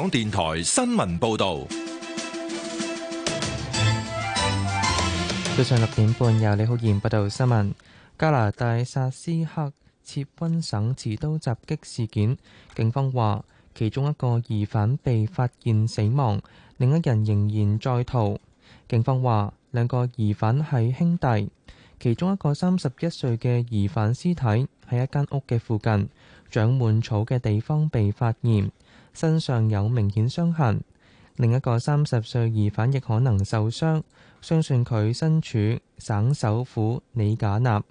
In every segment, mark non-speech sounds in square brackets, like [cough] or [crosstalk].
港電台新聞報道，早上六點半由李浩然報道新聞。加拿大薩斯喀徹溫省持刀襲擊事件，警方話其中一個疑犯被發現死亡，另一人仍然在逃。警方話兩個疑犯係兄弟，其中一個三十一歲嘅疑犯屍體喺一間屋嘅附近長滿草嘅地方被發現。身上有明顯傷痕，另一個三十歲疑犯亦可能受傷。相信佢身處省首府里賈納。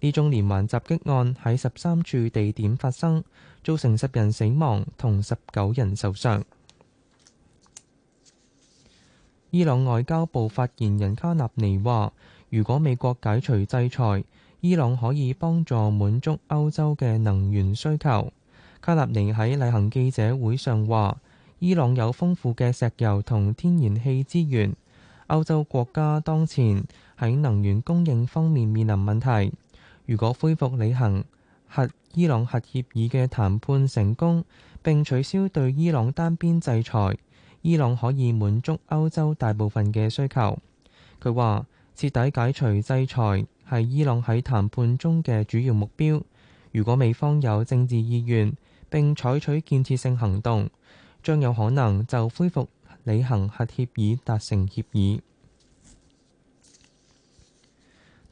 呢宗連環襲擊案喺十三處地點發生，造成十人死亡同十九人受傷。伊朗外交部發言人卡納尼話，如果美國解除制裁，伊朗可以幫助滿足歐洲嘅能源需求。卡納尼喺例行記者會上話，伊朗有豐富嘅石油同天然氣資源，歐洲國家當前喺能源供應方面面臨問題，如果恢復履行核伊朗核協議嘅談判成功，並取消對伊朗單邊制裁，伊朗可以滿足歐洲大部分嘅需求。佢話徹底解除制裁係伊朗喺談判中嘅主要目標，如果美方有政治意願，並採取建設性行動，將有可能就恢復履行核協議達成協議。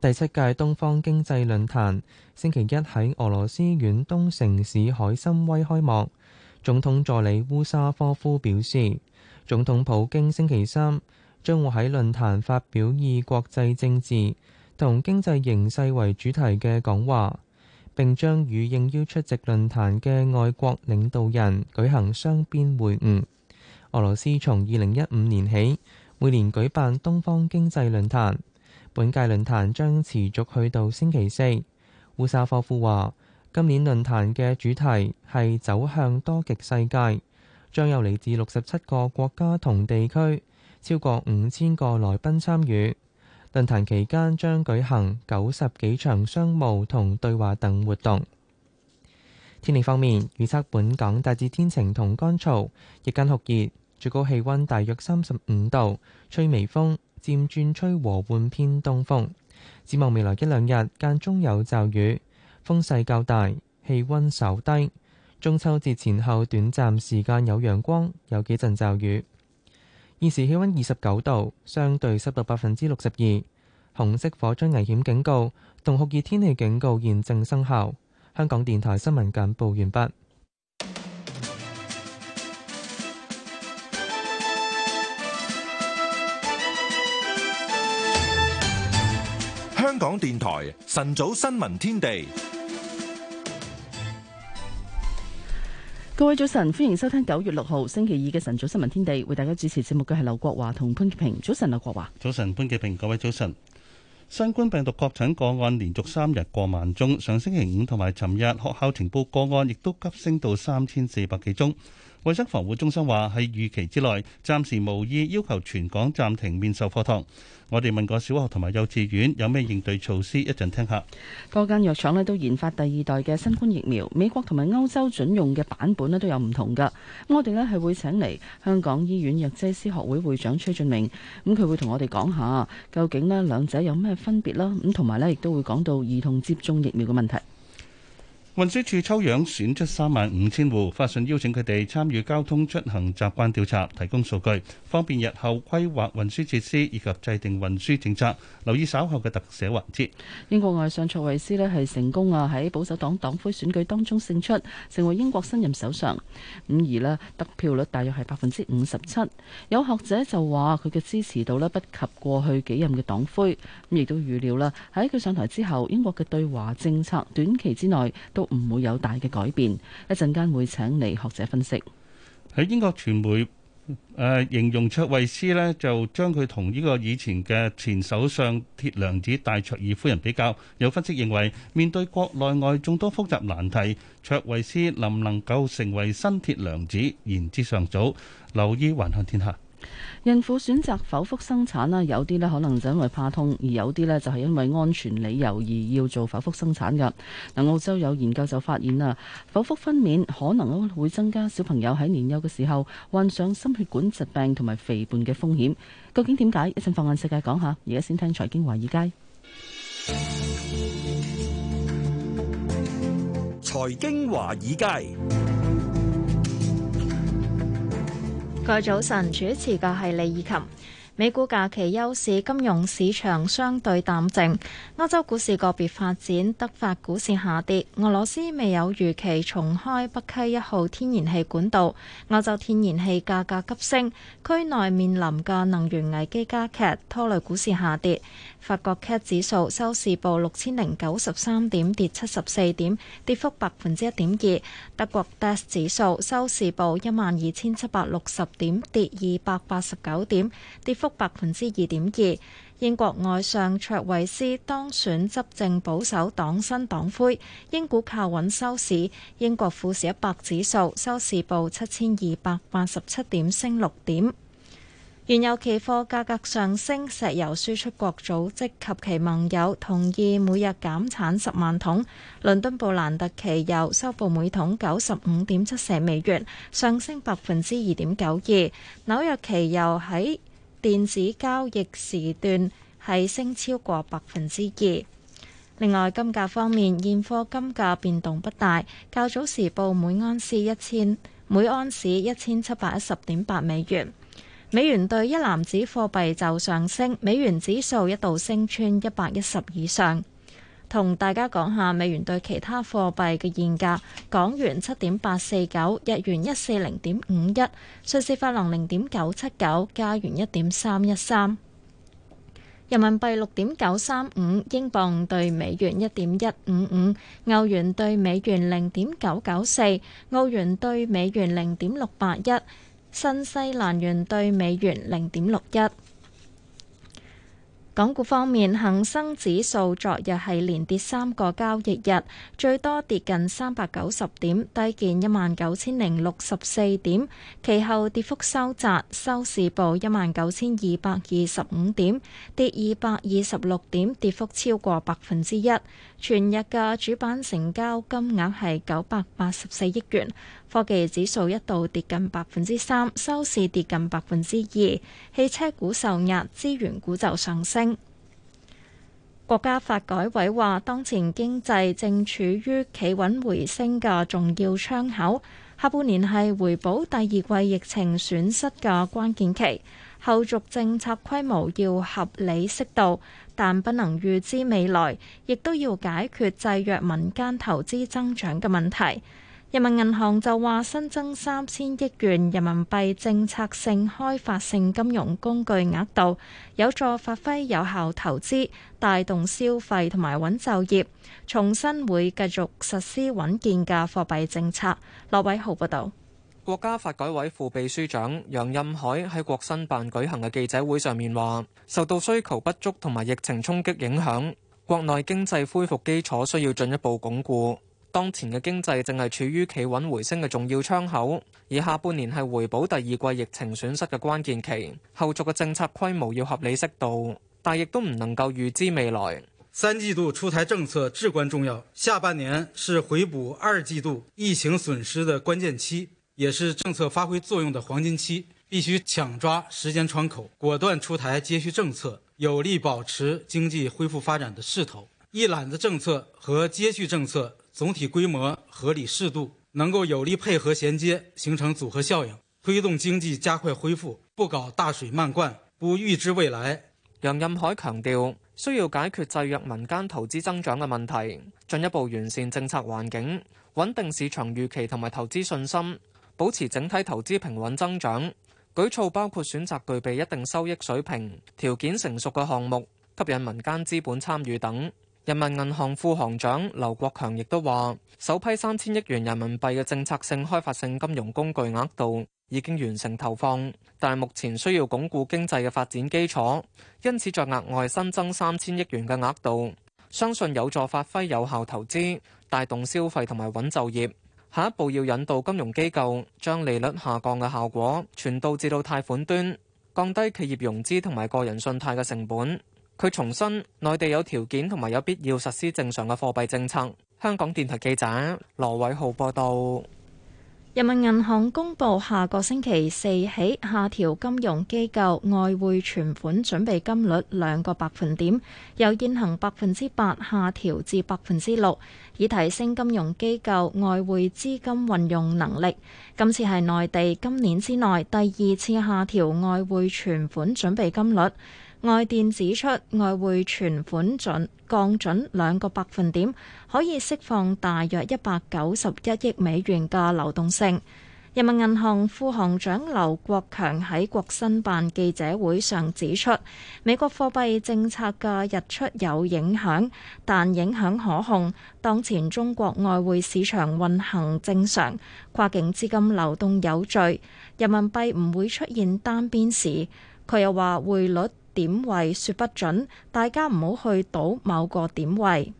第七屆東方經濟論壇星期一喺俄羅斯遠東城市海參崴開幕。總統助理烏沙科夫表示，總統普京星期三將會喺論壇發表以國際政治同經濟形勢為主題嘅講話。並將與應邀出席論壇嘅外國領導人舉行雙邊會晤。俄羅斯從二零一五年起每年舉辦東方經濟論壇，本屆論壇將持續去到星期四。烏沙科夫話，今年論壇嘅主題係走向多極世界，將有嚟自六十七個國家同地區，超過五千個來賓參與。論壇期間將舉行九十幾場商務同對話等活動。天氣方面，預測本港大致天晴同乾燥，日間酷熱，最高氣温大約三十五度，吹微風，漸轉吹和緩偏東風。展望未來一兩日間中有驟雨，風勢較大，氣温稍低。中秋節前後短暫時間有陽光，有幾陣驟雨。現時氣溫二十九度，相對濕度百分之六十二。紅色火災危險警告同酷熱天氣警告現正生效。香港電台新聞簡報完畢。香港電台晨早新聞天地。各位早晨，歡迎收聽九月六號星期二嘅晨早新聞天地，為大家主持節目嘅係劉國華同潘潔平。早晨，劉國華。早晨，潘潔平。各位早晨。新冠病毒確診個案連續三日過萬宗，上星期五同埋尋日學校呈報個案亦都急升到三千四百幾宗。衛生防護中心話喺預期之內，暫時無意要求全港暫停面授課堂。我哋問過小學同埋幼稚園有咩應對措施，一陣聽下。各間藥廠呢都研發第二代嘅新冠疫苗，美國同埋歐洲准用嘅版本呢都有唔同㗎。我哋呢係會請嚟香港醫院藥劑師學會會長崔俊明，咁佢會同我哋講下究竟呢兩者有咩分別啦，咁同埋呢亦都會講到兒童接種疫苗嘅問題。運輸署抽樣選出三萬五千戶，發信邀請佢哋參與交通出行習慣調查，提供數據，方便日後規劃運輸設施以及制定運輸政策。留意稍後嘅特寫環節。英國外相卓慧思咧係成功啊喺保守黨黨魁選舉當中勝出，成為英國新任首相。咁而咧得票率大約係百分之五十七。有學者就話佢嘅支持度咧不及過去幾任嘅黨魁，咁亦都預料啦喺佢上台之後，英國嘅對華政策短期之內都都唔會有大嘅改變，一陣間會請嚟學者分析。喺英國傳媒誒形容卓慧思咧，就將佢同呢個以前嘅前首相鐵娘子戴卓爾夫人比較。有分析認為，面對國內外眾多複雜難題，卓慧思能唔能夠成為新鐵娘子，言之尚早。留意《環球天下》。孕婦選擇剖腹生產啦，有啲咧可能就因為怕痛，而有啲咧就係因為安全理由而要做剖腹生產嘅。嗱，澳洲有研究就發現啦，剖腹分娩可能會增加小朋友喺年幼嘅時候患上心血管疾病同埋肥胖嘅風險。究竟點解？一陣放眼世界講下，而家先聽財經華爾街。財經華爾街。個早晨主持嘅係李綺琴。美股假期休市，金融市場相對淡靜。歐洲股市個別發展，德法股市下跌。俄羅斯未有預期重開北溪一號天然氣管道，歐洲天然氣價格急升，區內面臨嘅能源危機加劇，拖累股市下跌。法國 CAC 指數收市報六千零九十三點，跌七十四點，跌幅百分之一點二。德國 DAX 指數收市報一萬二千七百六十點，跌二百八十九點，跌幅，百分之二點二。英國外相卓維斯當選執政保守黨新黨魁，英股靠穩收市。英國富時一百指數收市報七千二百八十七點，升六點。原油期貨價格上升，石油輸出國組織及其盟友同意每日減產十萬桶。倫敦布蘭特期油收報每桶九十五點七四美元，上升百分之二點九二。紐約期油喺電子交易時段係升超過百分之二。另外金價方面，現貨金價變動不大，較早時報每盎司一千每盎司一千七百一十點八美元。美元對一籃子貨幣就上升，美元指數一度升穿一百一十以上。同大家講下美元對其他貨幣嘅現價：港元七點八四九，日元一四零點五一，瑞士法郎零點九七九，加元一點三一三，人民幣六點九三五，英鎊對美元一點一五五，歐元對美元零點九九四，澳元對美元零點六八一，新西蘭元對美元零點六一。港股方面，恒生指數昨日係連跌三個交易日，最多跌近三百九十點，低見一萬九千零六十四點，其後跌幅收窄，收市報一萬九千二百二十五點，跌二百二十六點，跌幅超過百分之一。全日嘅主板成交金額係九百八十四億元。科技指數一度跌近百分之三，收市跌近百分之二。汽車股受壓，資源股就上升。國家發改委話，當前經濟正處於企穩回升嘅重要窗口，下半年係回補第二季疫情損失嘅關鍵期。後續政策規模要合理適度，但不能預知未來，亦都要解決制約民間投資增長嘅問題。人民銀行就話新增三千億元人民幣政策性開發性金融工具額度，有助發揮有效投資、帶動消費同埋穩就業。重申會繼續實施穩健嘅貨幣政策。羅偉浩報道。國家發改委副秘書長楊任海喺國新辦舉行嘅記者會上面話，受到需求不足同埋疫情衝擊影響，國內經濟恢復基礎需要進一步鞏固。當前嘅經濟正係處於企穩回升嘅重要窗口，而下半年係回補第二季疫情損失嘅關鍵期，後續嘅政策規模要合理適度，但亦都唔能夠預知未來。三季度出台政策至關重要，下半年是回補二季度疫情損失嘅關鍵期，也是政策發揮作用嘅黃金期，必須搶抓時間窗口，果斷出台接續政策，有力保持經濟恢復發展嘅勢頭。一攬子政策和接續政策，總體規模合理適度，能夠有力配合銜接，形成組合效應，推動經濟加快恢復。不搞大水漫灌，不預支未來。楊任海強調，需要解決制約民間投資增長嘅問題，進一步完善政策環境，穩定市場預期同埋投資信心，保持整體投資平穩增長。舉措包括選擇具備一定收益水平、條件成熟嘅項目，吸引民間資本參與等。人民銀行副行長劉國強亦都話，首批三千億元人民幣嘅政策性開發性金融工具額度已經完成投放，但係目前需要鞏固經濟嘅發展基礎，因此在額外新增三千億元嘅額度，相信有助發揮有效投資，帶動消費同埋穩就業。下一步要引導金融機構將利率下降嘅效果，傳導至到貸款端，降低企業融資同埋個人信貸嘅成本。佢重申，內地有條件同埋有必要實施正常嘅貨幣政策。香港電台記者羅偉浩報道，人民銀行公佈下個星期四起下調金融機構外匯存款準備金率兩個百分點，由現行百分之八下調至百分之六，以提升金融機構外匯資金運用能力。今次係內地今年之內第二次下調外匯存款準備金率。外電指出，外匯存款準降準兩個百分點可以釋放大約一百九十一億美元嘅流動性。人民銀行副行長劉國強喺國新辦記者會上指出，美國貨幣政策嘅日出有影響，但影響可控。當前中國外匯市場運行正常，跨境資金流動有序，人民幣唔會出現單邊市。佢又話匯率，點位説不準，大家唔好去賭某個點位。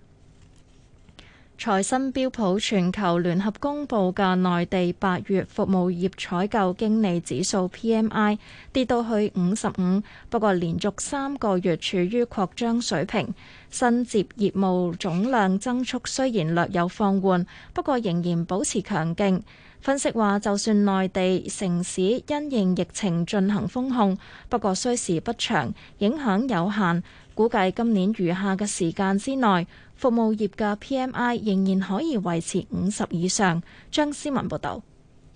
財新標普全球聯合公佈嘅內地八月服務業採購經理指數 PMI 跌到去五十五，不過連續三個月處於擴張水平，新接業務總量增速雖然略有放緩，不過仍然保持強勁。分析話，就算內地城市因應疫情進行封控，不過需時不長，影響有限，估計今年餘下嘅時間之內，服務業嘅 PMI 仍然可以維持五十以上。張思文報導。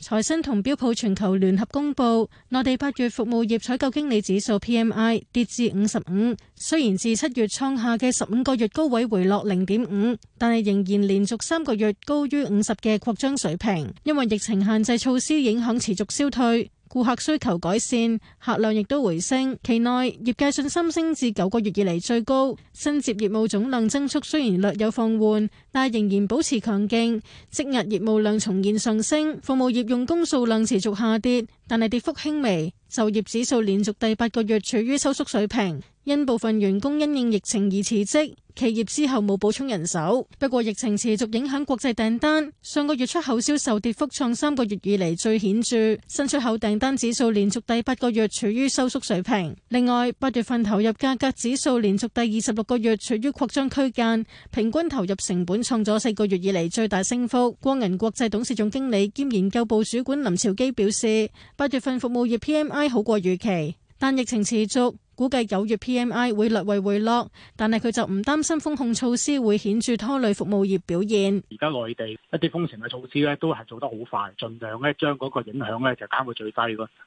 財新同標普全球聯合公布，內地八月服務業採購經理指數 PMI 跌至五十五，雖然自七月創下嘅十五個月高位回落零點五，但係仍然連續三個月高於五十嘅擴張水平，因為疫情限制措施影響持續消退。顧客需求改善，客量亦都回升。期內業界信心升至九個月以嚟最高，新接業務總量增速雖然略有放緩，但仍然保持強勁。積壓業務量重現上升，服務業用工數量持續下跌。但係跌幅輕微，就業指數連續第八個月處於收縮水平，因部分員工因應疫情而辭職，企業之後冇補充人手。不過疫情持續影響國際訂單，上個月出口銷售跌幅創三個月以嚟最顯著，新出口訂單指數連續第八個月處於收縮水平。另外，八月份投入價格指數連續第二十六個月處於擴張區間，平均投入成本創咗四個月以嚟最大升幅。光銀國際董事總經理兼研究部主管林朝基表示。八月份服務業 PMI 好過預期，但疫情持續。估計九月 PMI 會略為回落，但係佢就唔擔心封控措施會顯著拖累服務業表現。而家內地一啲封控嘅措施咧，都係做得好快，儘量咧將嗰個影響咧就減到最低。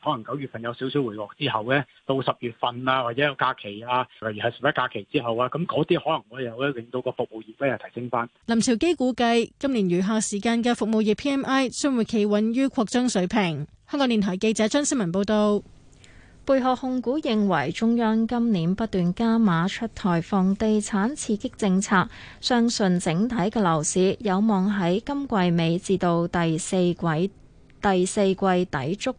可能九月份有少少回落之後咧，到十月份啊，或者有假期啊，例如係十一假期之後啊，咁嗰啲可能會有咧，令到個服務業咧又提升翻。林兆基估計今年餘下時間嘅服務業 PMI 將會企穩於擴張水平。香港電台記者張思文報道。貝殼控股認為，中央今年不斷加碼出台房地產刺激政策，相信整體嘅樓市有望喺今季尾至到第四季第四季底觸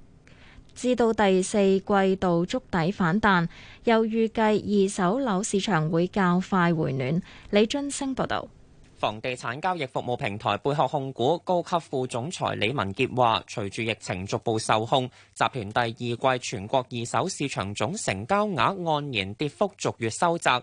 至到第四季度觸底反彈，又預計二手樓市場會較快回暖。李津升報道，道。房地產交易服務平台貝殼控股高級副總裁李文杰話，隨住疫情逐步受控，集團第二季全國二手市場總成交額按年跌幅逐月收窄。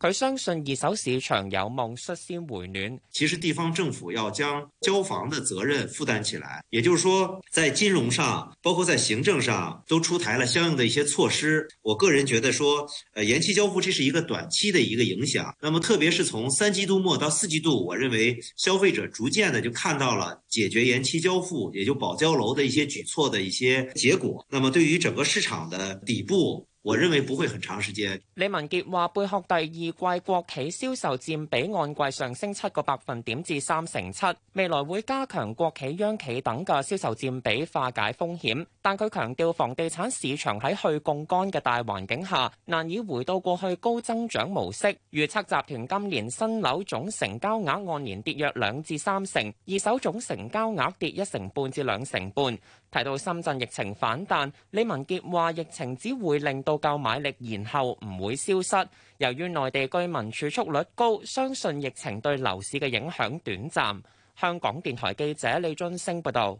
他相信二手市場有望率先回暖。其實地方政府要將交房的責任負擔起來，也就是說，在金融上，包括在行政上，都出台了相應的一些措施。我個人覺得說，呃，延期交付這是一個短期的一個影響。那麼，特別是從三季度末到四季度，我認為消費者逐漸的就看到了解決延期交付，也就保交樓的一些舉措的一些結果。那麼，對於整個市場的底部。我認為不會很長時間。李文杰話：貝殼第二季國企銷售佔比按季上升七個百分點至三成七，未來會加強國企、央企等嘅銷售佔比化解風險。但佢強調，房地產市場喺去槓桿嘅大環境下，難以回到過去高增長模式。預測集團今年新樓總成交額按年跌約兩至三成，二手總成交額跌一成半至兩成半。提到深圳疫情反彈，李文杰話疫情只會令到購買力延後唔會消失。由於內地居民儲蓄率高，相信疫情對樓市嘅影響短暫。香港電台記者李津升報道。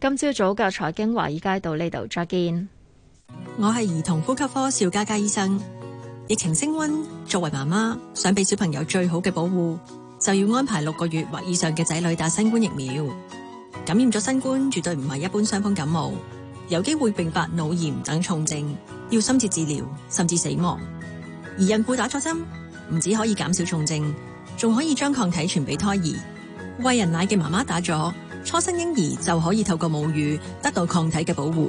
今朝早嘅財經華爾街到呢度再見。我係兒童呼吸科邵佳佳醫生。疫情升溫，作為媽媽想俾小朋友最好嘅保護，就要安排六個月或以上嘅仔女打新冠疫苗。感染咗新冠絕對唔係一般傷風感冒，有機會併發腦炎等重症，要深切治療甚至死亡。而孕婦打咗針，唔止可以減少重症，仲可以將抗體傳俾胎兒。餵人奶嘅媽媽打咗，初生嬰兒就可以透過母乳得到抗體嘅保護。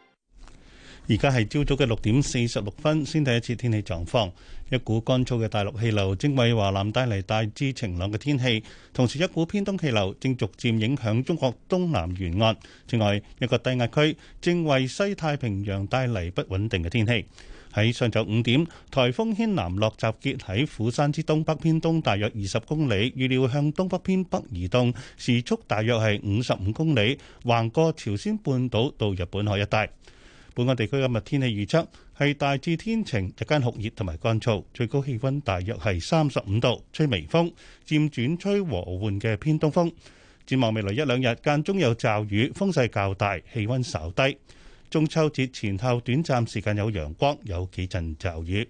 而家係朝早嘅六點四十六分，先睇一次天氣狀況。一股乾燥嘅大陸氣流正為華南帶嚟大致晴朗嘅天氣，同時一股偏東氣流正逐漸影響中國東南沿岸。此外，一個低壓區正為西太平洋帶嚟不穩定嘅天氣。喺上晝五點，颱風軒嵐諾集結喺釜山之東北偏東大約二十公里，預料向東北偏北移動，時速大約係五十五公里，橫過朝鮮半島到日本海一帶。本港地區今日天氣預測係大致天晴，日間酷熱同埋乾燥，最高氣温大約係三十五度，吹微風，漸轉吹和緩嘅偏東風。展望未來一兩日，間中有驟雨，風勢較大，氣温稍低。中秋節前後短暫時間有陽光，有幾陣驟雨。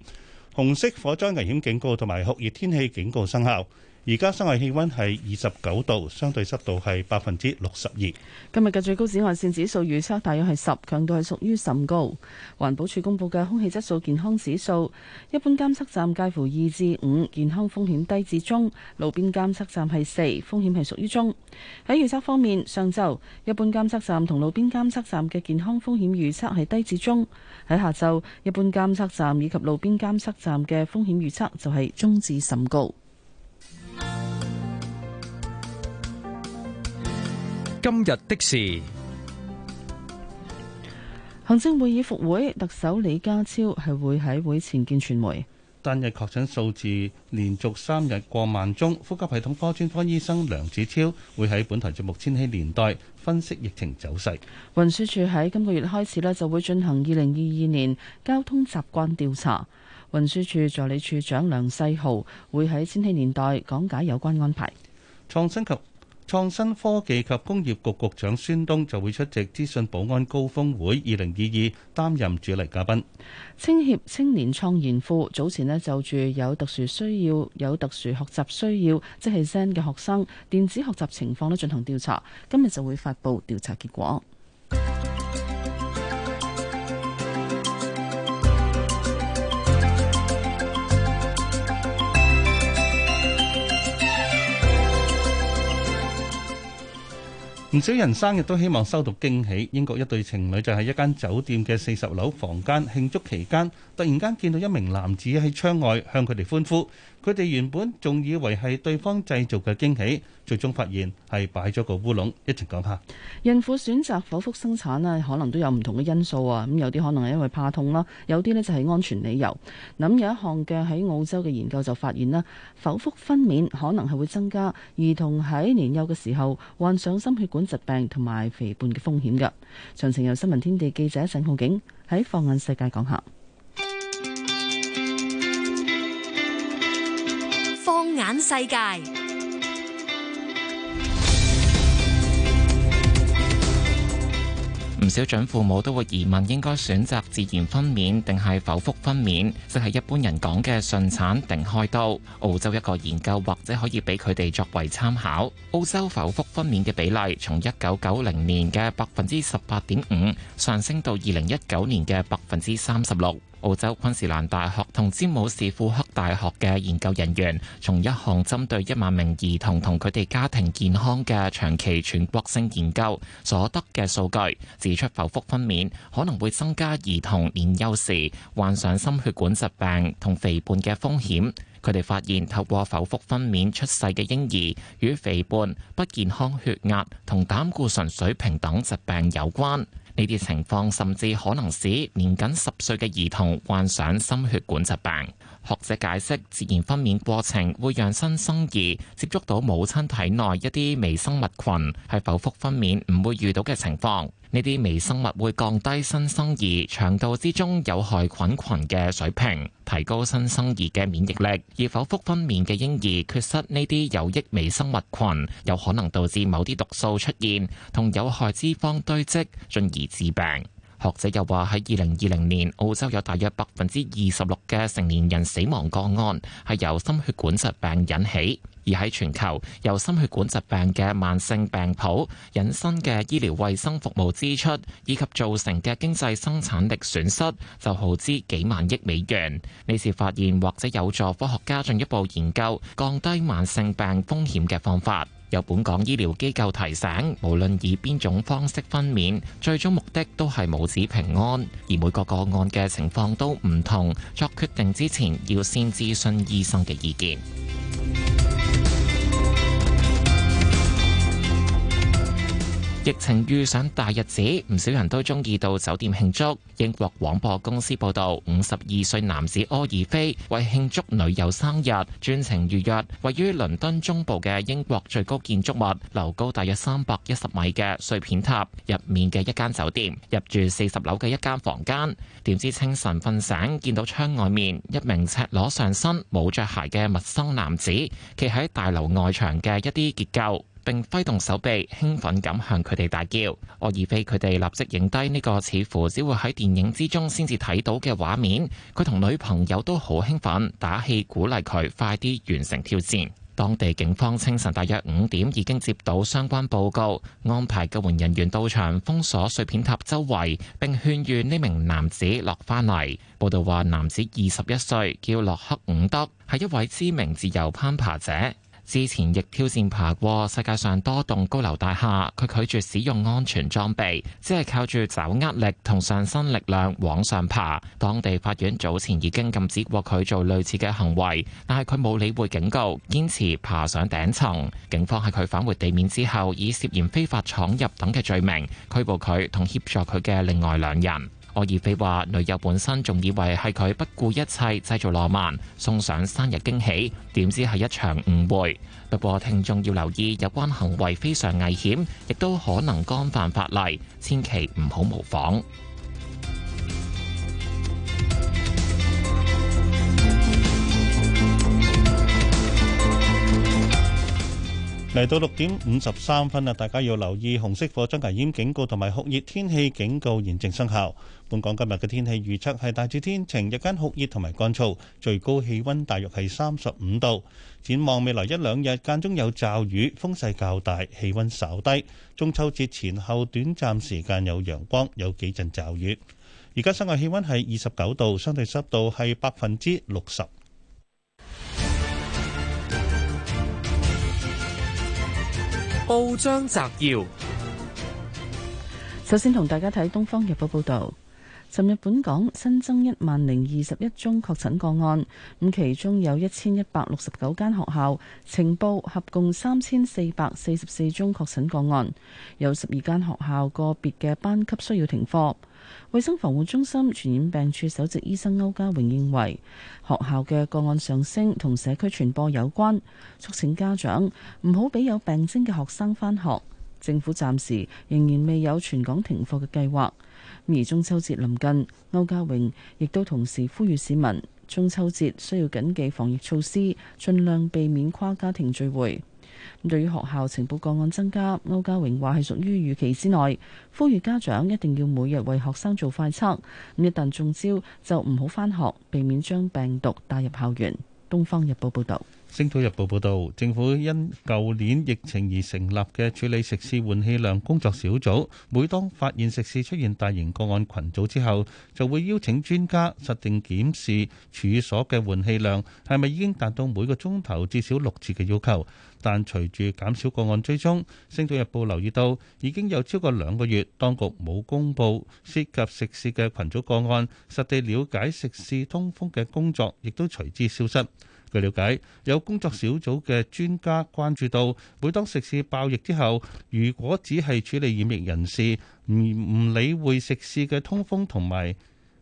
紅色火災危險警告同埋酷熱天氣警告生效。而家室外氣温係二十九度，相對濕度係百分之六十二。今日嘅最高紫外線指數預測大約係十，強度係屬於甚高。環保署公布嘅空氣質素健康指數，一般監測站介乎二至五，健康風險低至中；路邊監測站係四，風險係屬於中。喺預測方面，上晝一般監測站同路邊監測站嘅健康風險預測係低至中；喺下晝一般監測站以及路邊監測站嘅風險預測就係中至甚高。今日的事，行政會議復會，特首李家超係會喺會前見傳媒。單日確診數字連續三日過萬宗，呼吸系統科專科醫生梁子超會喺本台節目《千禧年代》分析疫情走勢。運輸署喺今個月開始呢就會進行二零二二年交通習慣調查。運輸處助理處長梁世豪會喺千禧年代講解有關安排。創新及創新科技及工業局局長孫東就會出席資訊保安高峰會二零二二，擔任主力嘉賓。青協青年創研庫早前咧就住有特殊需要、有特殊學習需要即係 send 嘅學生電子學習情況咧進行調查，今日就會發布調查結果。唔少人生日都希望收到驚喜。英國一對情侶就喺一間酒店嘅四十樓房間慶祝期間，突然間見到一名男子喺窗外向佢哋歡呼。佢哋原本仲以為係對方製造嘅驚喜，最終發現係擺咗個烏龍。一陣講一下，孕婦選擇剖腹生產啊，可能都有唔同嘅因素啊。咁有啲可能係因為怕痛啦，有啲呢就係安全理由。諗有一項嘅喺澳洲嘅研究就發現啦，剖腹分娩可能係會增加兒童喺年幼嘅時候患上心血管疾病同埋肥胖嘅風險㗎。詳情由新聞天地記者沈浩景喺放眼世界講下。眼世界，唔少準父母都會疑問，應該選擇自然分娩定係剖腹分娩，即係一般人講嘅順產定開刀。澳洲一個研究或者可以俾佢哋作為參考。澳洲剖腹分娩嘅比例從一九九零年嘅百分之十八點五上升到二零一九年嘅百分之三十六。澳洲昆士蘭大學同詹姆士庫克大學嘅研究人員，從一項針對一萬名兒童同佢哋家庭健康嘅長期全國性研究所得嘅數據，指出剖腹分娩可能會增加兒童年幼時患上心血管疾病同肥胖嘅風險。佢哋發現透過剖腹分娩出世嘅嬰兒，與肥胖、不健康血壓同膽固醇水平等疾病有關。呢啲情況甚至可能使年僅十歲嘅兒童患上心血管疾病。學者解釋，自然分娩過程會讓新生兒接觸到母親體內一啲微生物群，係剖腹分娩唔會遇到嘅情況。呢啲微生物會降低新生兒腸道之中有害菌群嘅水平，提高新生兒嘅免疫力。而剖腹分娩嘅嬰兒缺失呢啲有益微生物群，有可能導致某啲毒素出現，同有害脂肪堆積，進而致病。學者又話喺二零二零年，澳洲有大約百分之二十六嘅成年人死亡個案係由心血管疾病引起，而喺全球由心血管疾病嘅慢性病譜引申嘅醫療衛生服務支出以及造成嘅經濟生產力損失就耗資幾萬億美元。呢次發現或者有助科學家進一步研究降低慢性病風險嘅方法。有本港醫療機構提醒，無論以邊種方式分娩，最終目的都係母子平安。而每個個案嘅情況都唔同，作決定之前要先諮詢醫生嘅意見。疫情遇上大日子，唔少人都中意到酒店慶祝。英國廣播公司報道，五十二歲男子柯爾菲為慶祝女友生日，專程預約位於倫敦中部嘅英國最高建築物，樓高大約三百一十米嘅碎片塔入面嘅一間酒店，入住四十樓嘅一間房間。點知清晨瞓醒，見到窗外面一名赤裸上身、冇着鞋嘅陌生男子，企喺大樓外牆嘅一啲結構。並揮動手臂，興奮咁向佢哋大叫。我而非佢哋立即影低呢個似乎只會喺電影之中先至睇到嘅畫面。佢同女朋友都好興奮，打氣鼓勵佢快啲完成挑戰。當地警方清晨大約五點已經接到相關報告，安排救援人員到場封鎖碎片塔周圍，並勸喻呢名男子落翻嚟。報道話，男子二十一歲，叫洛克伍德，係一位知名自由攀爬者。之前亦挑戰爬過世界上多棟高樓大廈，佢拒絕使用安全裝備，只係靠住手握力同上身力量往上爬。當地法院早前已經禁止過佢做類似嘅行為，但係佢冇理會警告，堅持爬上頂層。警方喺佢返回地面之後，以涉嫌非法闖入等嘅罪名拘捕佢同協助佢嘅另外兩人。柯爾菲話：女友本身仲以為係佢不顧一切製造浪漫送上生日驚喜，點知係一場誤會。不過聽眾要留意，有關行為非常危險，亦都可能干犯法例，千祈唔好模仿。嚟到六點五十三分啦，大家要留意紅色火災危險警告同埋酷熱天氣警告現正生效。本港今日嘅天氣預測係大致天晴，日間酷熱同埋乾燥，最高氣温大約係三十五度。展望未來一兩日，間中有驟雨，風勢較大，氣温稍低。中秋節前後短暫時間有陽光，有幾陣驟雨。而家室外氣温係二十九度，相對濕度係百分之六十。報章摘要，首先同大家睇《東方日報》報道。尋日本港新增一萬零二十一宗確診個案，咁其中有一千一百六十九間學校呈報合共三千四百四十四宗確診個案，有十二間學校個別嘅班級需要停課。衛生防護中心傳染病處首席醫生歐家榮認為，學校嘅個案上升同社區傳播有關，促請家長唔好俾有病徵嘅學生返學。政府暫時仍然未有全港停課嘅計劃。而中秋節臨近，歐家榮亦都同時呼籲市民，中秋節需要緊記防疫措施，盡量避免跨家庭聚會。對於學校情報個案增加，歐家榮話係屬於預期之內，呼籲家長一定要每日為學生做快測。咁一旦中招就唔好返學，避免將病毒帶入校園。《東方日報》報道。星島日報報道，政府因舊年疫情而成立嘅處理食肆換氣量工作小組，每當發現食肆出現大型個案群組之後，就會邀請專家實定檢視處所嘅換氣量係咪已經達到每個鐘頭至少六次嘅要求。但隨住減少個案追蹤，星島日報留意到，已經有超過兩個月當局冇公布涉及食肆嘅群組個案，實地了解食肆通風嘅工作亦都隨之消失。據了解，有工作小組嘅專家關注到，每當食肆爆疫之後，如果只係處理染疫人士，唔唔理會食肆嘅通風同埋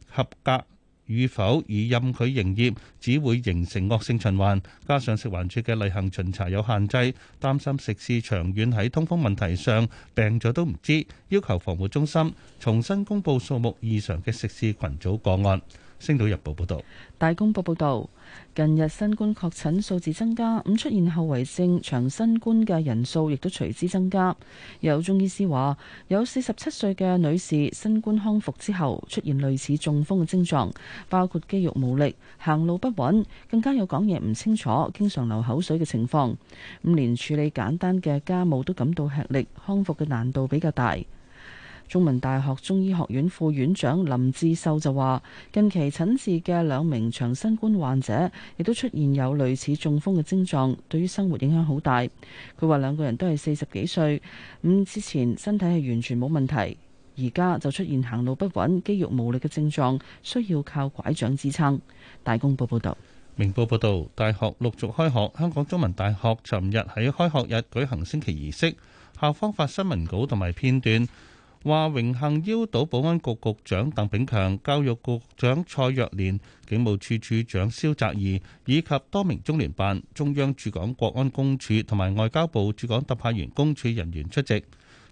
合格與否而任佢營業，只會形成惡性循環。加上食環署嘅例行巡查有限制，擔心食肆長遠喺通風問題上病咗都唔知，要求防護中心重新公布數目異常嘅食肆群組個案。星島日報報道，大公報報道，近日新冠確診數字增加，咁出現後遺症長新冠嘅人數亦都隨之增加。有中醫師話，有四十七歲嘅女士新冠康復之後，出現類似中風嘅症狀，包括肌肉無力、行路不穩，更加有講嘢唔清楚、經常流口水嘅情況，咁連處理簡單嘅家務都感到吃力，康復嘅難度比較大。中文大學中醫學院副院長林志秀就話，近期診治嘅兩名長新冠患者，亦都出現有類似中風嘅症狀，對於生活影響好大。佢話兩個人都係四十幾歲，五、嗯、之前身體係完全冇問題，而家就出現行路不穩、肌肉無力嘅症狀，需要靠拐杖支撐。大公報報道，明報報道，大學陸續開學，香港中文大學尋日喺開學日舉行升旗儀式，校方發新聞稿同埋片段。話，榮幸邀到保安局局長鄧炳強、教育局長蔡若蓮、警務處處長蕭澤頤，以及多名中聯辦、中央駐港國安公署同埋外交部駐港特派員公署人員出席。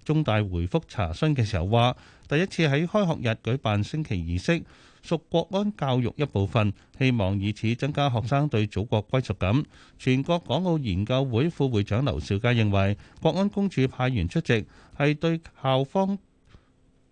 中大回覆查詢嘅時候話，第一次喺開學日舉辦升旗儀式，屬國安教育一部分，希望以此增加學生對祖國歸屬感。全國港澳研究會副會長劉兆佳認為國安公署派員出席係對校方。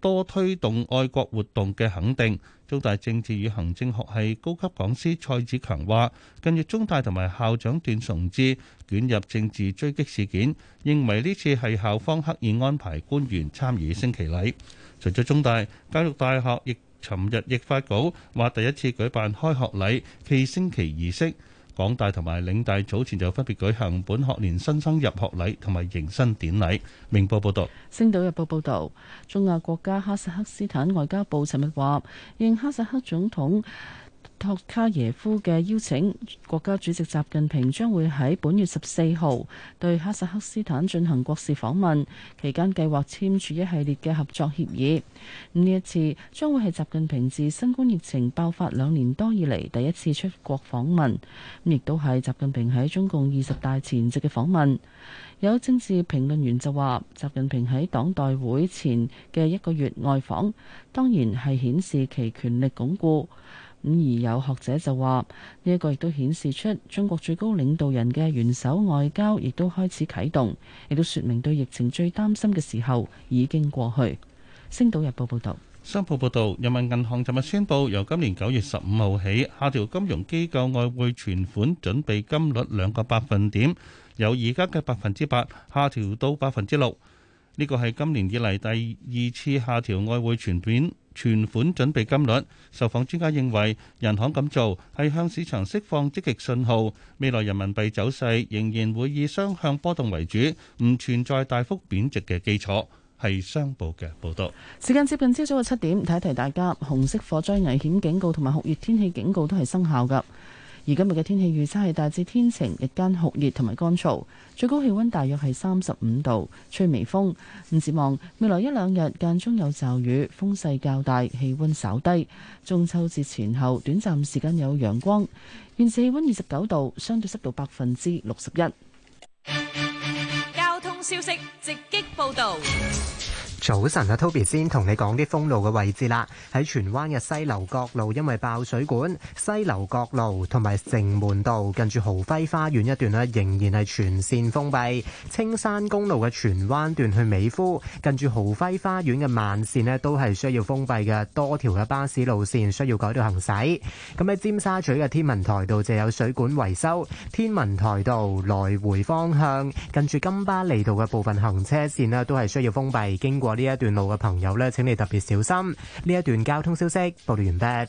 多推動愛國活動嘅肯定，中大政治與行政學系高級講師蔡子強話，近日中大同埋校長段崇智捲入政治追擊事件，認為呢次係校方刻意安排官員參與升旗禮。除咗中大，教育大學亦尋日亦發稿話第一次舉辦開學禮暨升旗儀式。港大同埋嶺大早前就分別舉行本學年新生入學禮同埋迎新典禮。明報報導，星島日報報道：中亞國家哈薩克斯坦外交部尋日話，認哈薩克總統，托卡耶夫嘅邀請，國家主席習近平將會喺本月十四號對哈薩克斯坦進行國事訪問，期間計劃簽簽署一系列嘅合作協議，呢一次將會係習近平自新冠疫情爆發兩年多以嚟第一次出國訪問，亦都係習近平喺中共二十大前夕嘅訪問，有政治評論員就話，習近平喺黨代會前嘅一個月外訪當然係顯示其權力鞏固。而有學者就話：呢一個亦都顯示出中國最高領導人嘅元首外交亦都開始啟動，亦都説明對疫情最擔心嘅時候已經過去。《星島日報》報道，《商報》報道：人民銀行尋日宣佈，由今年九月十五號起，下調金融機構外匯存款準備金率兩個百分點，由而家嘅百分之八下調到百分之六。呢個係今年以嚟第二次下調外匯存款。存款準備金率，受訪專家認為人行咁做係向市場釋放積極信號，未來人民幣走勢仍然會以雙向波動為主，唔存在大幅貶值嘅基礎，係商報嘅報道。時間接近朝早嘅七點，提提大家紅色火災危險警告同埋酷熱天氣警告都係生效㗎。而今日嘅天氣預測係大致天晴，日間酷熱同埋乾燥，最高氣溫大約係三十五度，吹微風。唔指望未來一兩日間中有驟雨，風勢較大，氣溫稍低。中秋節前後短暫時間有陽光，現時氣溫二十九度，相對濕度百分之六十一。交通消息直擊報道。早晨啊，Toby 先同你講啲封路嘅位置啦。喺荃灣嘅西樓角路因為爆水管，西樓角路同埋城門道近住豪輝花園一段咧，仍然係全線封閉。青山公路嘅荃灣段去美孚，近住豪輝花園嘅慢線咧都係需要封閉嘅，多條嘅巴士路線需要改道行駛。咁喺尖沙咀嘅天文台道就有水管維修，天文台道來回方向近住金巴利道嘅部分行車線咧都係需要封閉，經過。呢一段路嘅朋友呢，請你特別小心。呢一段交通消息報道完畢。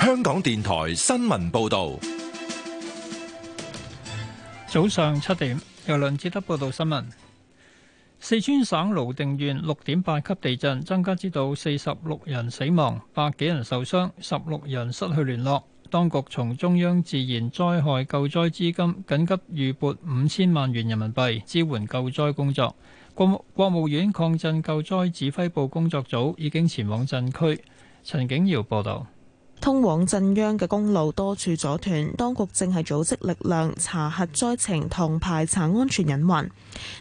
香港電台新聞報道，早上七點，由梁智德報道新聞。四川省瀘定縣六點八級地震，增加至到四十六人死亡、百幾人受傷、十六人失去聯絡。當局從中央自然災害救災資金緊急預撥五千萬元人民幣支援救災工作。國國務院抗震救災指揮部工作組已經前往震區。陳景堯報道。通往震央嘅公路多處阻斷，當局正係組織力量查核災情同排查安全隱患。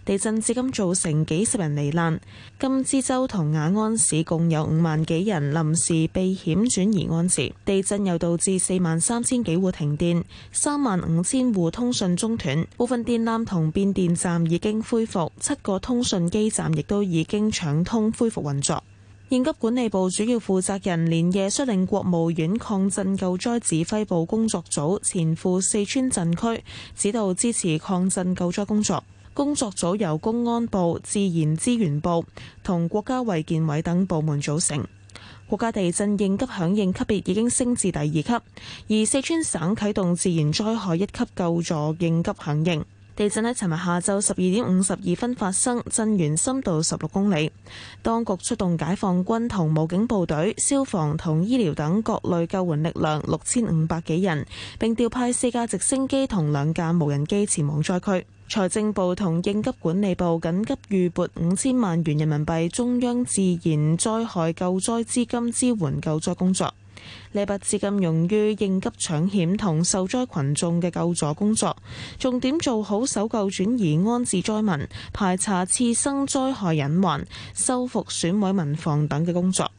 地震至今造成幾十人罹難，甘孜州同雅安市共有五萬幾人臨時避險轉移安置。地震又導致四萬三千幾戶停電，三萬五千戶通訊中斷，部分電纜同變電站已經恢復，七個通訊基站亦都已經搶通恢復運作。應急管理部主要負責人連夜率領國務院抗震救災指揮部工作組前赴四川震區，指導支持抗震救災工作。工作組由公安部、自然資源部同國家衛健委等部門組成。國家地震應急響應級別已經升至第二級，而四川省啟動自然災害一級救助應急響應。地震喺尋日下晝十二點五十二分發生，震源深度十六公里。當局出動解放軍同武警部隊、消防同醫療等各類救援力量六千五百幾人，並調派四架直升機同兩架無人機前往災區。財政部同應急管理部緊急預撥五千萬元人民幣中央自然災害救災資金，支援救災工作。呢筆資金用於應急搶險同受災群眾嘅救助工作，重點做好搜救、轉移、安置災民、排查次生災害隱患、修復損毀民房等嘅工作。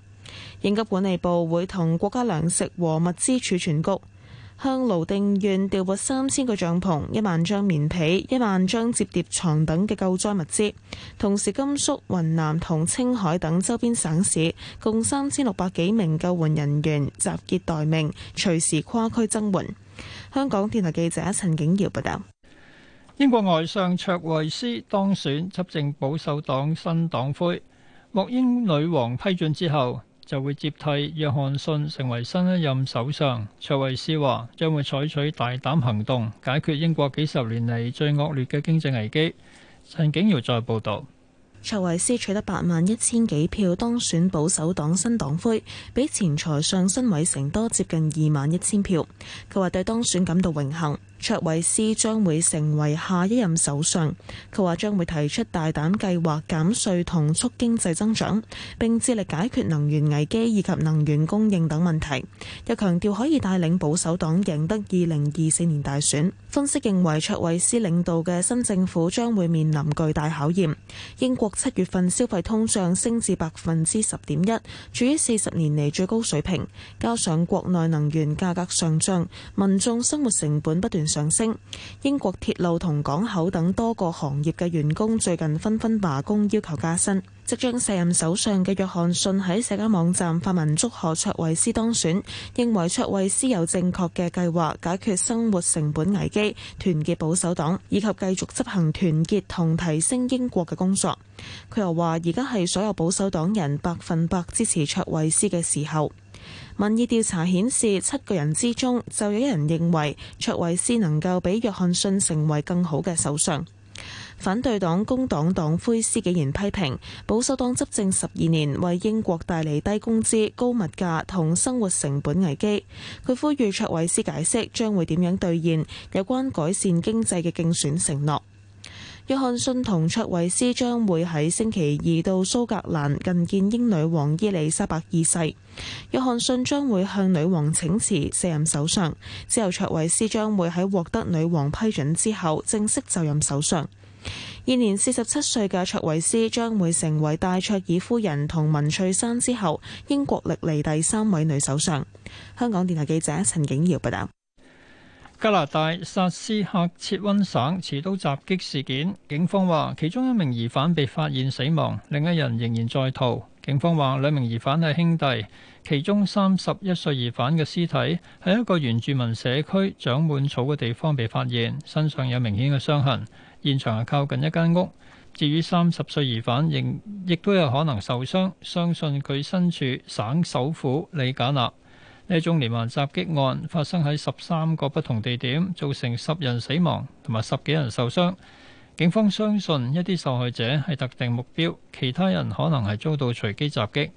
應急管理部會同國家糧食和物資儲存局，向瀘定縣調撥三千個帳篷、一萬張棉被、一萬張摺疊床等嘅救災物資，同時甘肅、雲南同青海等周邊省市共三千六百幾名救援人員集結待命，隨時跨區增援。香港電台記者陳景瑤報道。英國外相卓慧思當選執政保守黨新黨魁，獲英女王批准之後，就會接替約翰遜成為新一任首相。卓慧思話將會採取大膽行動，解決英國幾十年嚟最惡劣嘅經濟危機。陳景瑤再報道，卓慧思取得八萬一千幾票當選保守黨新黨魁，比前財相辛偉誠多接近二萬一千票。佢話對當選感到榮幸。卓惠斯將會成為下一任首相，佢話將會提出大膽計劃減稅同促經濟增長，並致力解決能源危機以及能源供應等問題。又強調可以帶領保守黨贏得2024年大選。分析認為卓惠斯領導嘅新政府將會面臨巨大考驗。英國七月份消費通脹升至百分之十點一，處於四十年嚟最高水平，加上國內能源價格上漲，民眾生活成本不斷上升。英國鐵路同港口等多個行業嘅員工最近紛紛罷工，要求加薪。即將卸任首相嘅約翰遜喺社交網站發文祝賀卓慧思當選，認為卓慧思有正確嘅計劃解決生活成本危機、團結保守黨以及繼續執行團結同提升英國嘅工作。佢又話而家係所有保守黨人百分百支持卓慧思嘅時候。民意調查顯示，七個人之中就有人認為卓維斯能夠比約翰遜成為更好嘅首相。反對黨工黨黨魁施紀賢批評保守黨執政十二年，為英國帶嚟低工資、高物價同生活成本危機。佢呼籲卓維斯解釋將會點樣兌現有關改善經濟嘅競選承諾。約翰遜同卓慧思將會喺星期二到蘇格蘭近見英女王伊麗莎白二世。約翰遜將會向女王請辭卸任首相，之後卓慧思將會喺獲得女王批准之後正式就任首相。現年四十七歲嘅卓慧思將會成為戴卓爾夫人同文翠珊之後英國歷嚟第三位女首相。香港電台記者陳景堯報道。加拿大薩斯克切溫省持刀襲擊事件，警方話其中一名疑犯被發現死亡，另一人仍然在逃。警方話兩名疑犯係兄弟，其中三十一歲疑犯嘅屍體喺一個原住民社區長滿草嘅地方被發現，身上有明顯嘅傷痕。現場係靠近一間屋。至於三十歲疑犯仍，仍亦都有可能受傷，相信佢身處省首府里賈納。呢種連環襲擊案發生喺十三個不同地點，造成十人死亡同埋十幾人受傷。警方相信一啲受害者係特定目標，其他人可能係遭到隨機襲擊。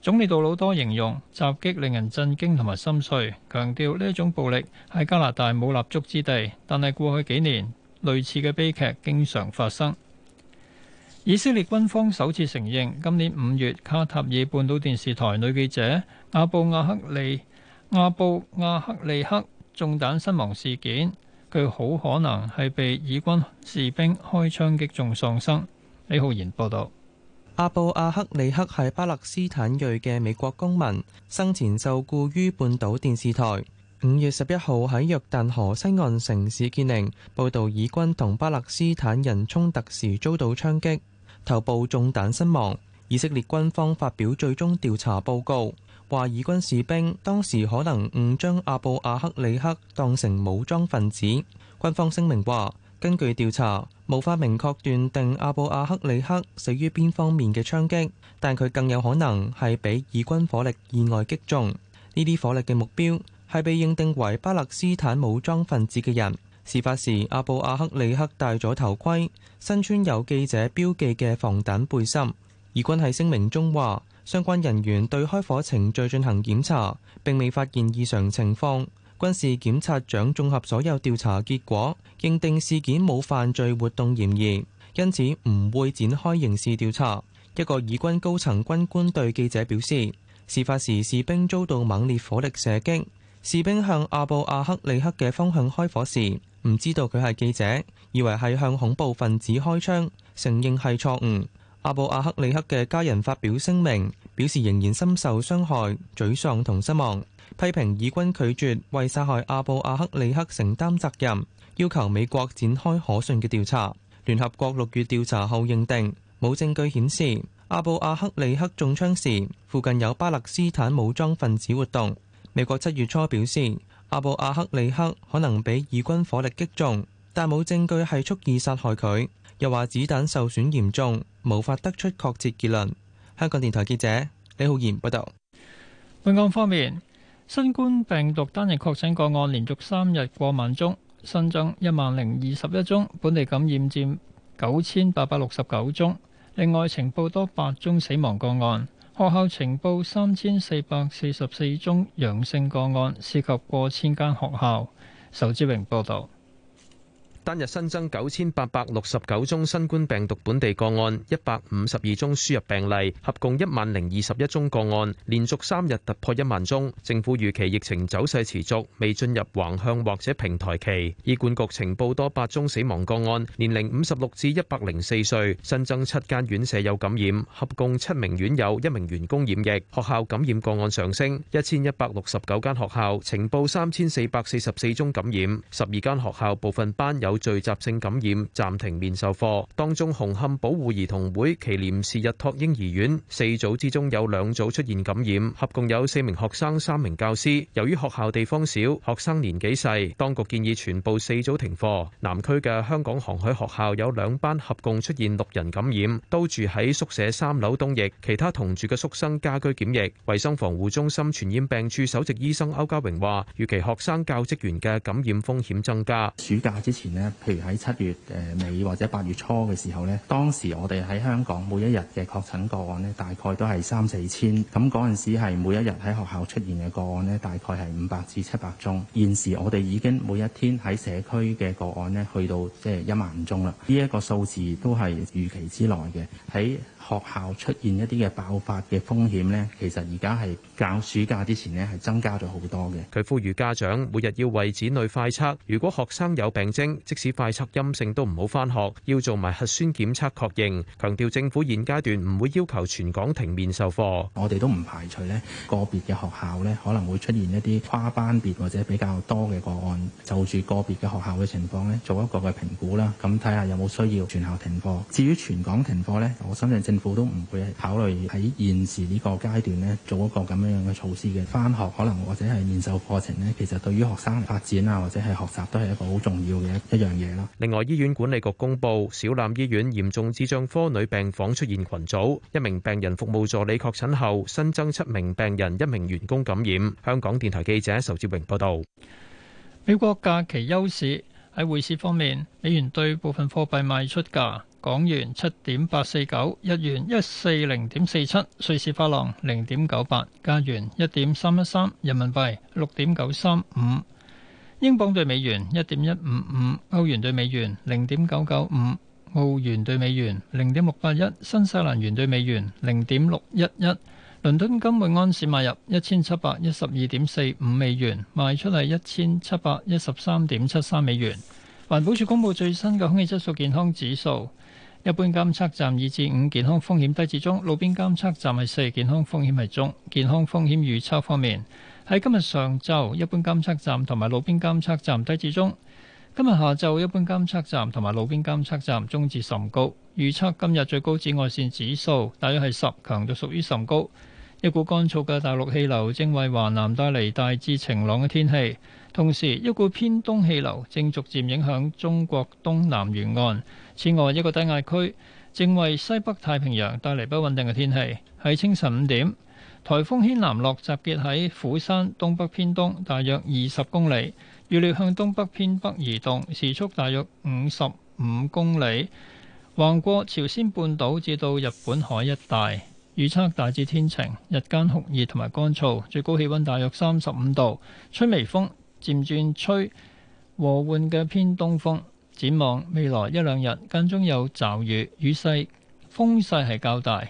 總理杜魯多形容襲擊令人震驚同埋心碎，強調呢一種暴力喺加拿大冇立足之地。但係過去幾年類似嘅悲劇經常發生。以色列軍方首次承認，今年五月卡塔爾半島電視台女記者阿布亞克利。阿布阿克利克中彈身亡事件，佢好可能係被以軍士兵開槍擊中喪生。李浩然報道：阿布阿克利克係巴勒斯坦裔嘅美國公民，生前受僱於半島電視台。五月十一號喺約旦河西岸城市傑寧報導，以軍同巴勒斯坦人衝突時遭到槍擊，頭部中彈身亡。以色列軍方發表最終調查報告。話以軍士兵當時可能誤將阿布阿克里克當成武裝分子。軍方聲明話：根據調查，無法明確斷定阿布阿克里克死於邊方面嘅槍擊，但佢更有可能係被以軍火力意外擊中。呢啲火力嘅目標係被認定為巴勒斯坦武裝分子嘅人。事發時，阿布阿克里克戴咗頭盔，身穿有記者標記嘅防彈背心。以軍喺聲明中話：相關人員對開火程序進行檢查，並未發現異常情況。軍事檢察長綜合所有調查結果，認定事件冇犯罪活動嫌疑，因此唔會展開刑事調查。一個以軍高層軍官對記者表示，事發時士兵遭到猛烈火力射擊，士兵向阿布阿克利克嘅方向開火時，唔知道佢係記者，以為係向恐怖分子開槍，承認係錯誤。阿布阿克里克嘅家人發表聲明，表示仍然深受傷害、沮喪同失望，批評以軍拒絕為殺害阿布阿克里克承擔責任，要求美國展開可信嘅調查。聯合國六月調查後認定，冇證據顯示阿布阿克里克中槍時附近有巴勒斯坦武裝分子活動，美國七月初表示，阿布阿克里克可能俾以軍火力擊中，但冇證據係蓄意殺害佢。又話子彈受損嚴重，無法得出確切結論。香港電台記者李浩然報道。本港方面，新冠病毒單日確診個案連續三日過萬宗，新增一萬零二十一宗，本地感染佔九千八百六十九宗。另外，呈報多八宗死亡個案。學校呈報三千四百四十四宗陽性個案，涉及過千間學校。仇志榮報道。單日新增九千八百六十九宗新冠病毒本地個案，一百五十二宗輸入病例，合共一萬零二十一宗個案，連續三日突破一萬宗。政府預期疫情走勢持續，未進入橫向或者平台期。醫管局呈報多八宗死亡個案，年齡五十六至一百零四歲，新增七間院舍有感染，合共七名院友、一名員工染疫。學校感染個案上升，一千一百六十九間學校呈報三千四百四十四宗感染，十二間學校部分班有有聚集性感染，暫停面授課。當中紅磡保護兒童會祁廉士日托嬰兒院四組之中有兩組出現感染，合共有四名學生、三名教師。由於學校地方小，學生年紀細，當局建議全部四組停課。南區嘅香港航海學校有兩班合共出現六人感染，都住喺宿舍三樓東翼，其他同住嘅宿生家居檢疫。衛生防護中心傳染病處首席醫生歐家榮話，預期學生教職員嘅感染風險增加。暑假之前咧。譬如喺七月誒尾或者八月初嘅時候呢，當時我哋喺香港每一日嘅確診個案呢，大概都係三四千。咁嗰陣時係每一日喺學校出現嘅個案呢，大概係五百至七百宗。現時我哋已經每一天喺社區嘅個案呢，去到即係一萬宗啦。呢、這、一個數字都係預期之內嘅喺。學校出現一啲嘅爆發嘅風險呢，其實而家係教暑假之前呢，係增加咗好多嘅。佢呼籲家長每日要為子女快測，如果學生有病徵，即使快測陰性都唔好返學，要做埋核酸檢測確認。強調政府現階段唔會要求全港停面授課。我哋都唔排除呢個別嘅學校呢可能會出現一啲跨班別或者比較多嘅個案，就住個別嘅學校嘅情況呢，做一個嘅評估啦，咁睇下有冇需要全校停課。至於全港停課呢，我相信政府都唔會考慮喺現時呢個階段咧做一個咁樣樣嘅措施嘅。翻學可能或者係面授課程咧，其實對於學生發展啊或者係學習都係一個好重要嘅一樣嘢啦。另外，醫院管理局公布，小欖醫院嚴重智障科女病房出現群組，一名病人服務助理確診後，新增七名病人，一名員工感染。香港電台記者仇志榮報道。美國假期休市喺，匯市方面，美元對部分貨幣賣出價。港元七點八四九，日元一四零點四七，瑞士法郎零點九八，加元一點三一三，人民幣六點九三五，英鎊兌美元一點一五五，歐元兌美元零點九九五，澳元兌美元零點六八一，新西蘭元兌美元零點六一一。倫敦金每安士買入一千七百一十二點四五美元，賣出係一千七百一十三點七三美元。環保署公布最新嘅空氣質素健康指數。一般監測站二至五健康風險低至中，路邊監測站係四健康風險係中。健康風險預測方面，喺今日上晝一般監測站同埋路邊監測站低至中。今日下晝一般監測站同埋路邊監測站中至甚高。預測今日最高紫外線指數大約係十，強度屬於甚高。一股乾燥嘅大陸氣流正為華南帶嚟大致晴朗嘅天氣，同時一股偏東氣流正逐漸影響中國東南沿岸。此外，一個低壓區正為西北太平洋帶嚟不穩定嘅天氣。喺清晨五點，颱風軒嵐諾集結喺釜山東北偏東大約二十公里，預料向東北偏北移動，時速大約五十五公里，橫過朝鮮半島至到日本海一帶。預測大致天晴，日間酷熱同埋乾燥，最高氣温大約三十五度，吹微風，漸轉吹和緩嘅偏東風。展望未來一兩日，間中有驟雨，雨勢風勢係較大，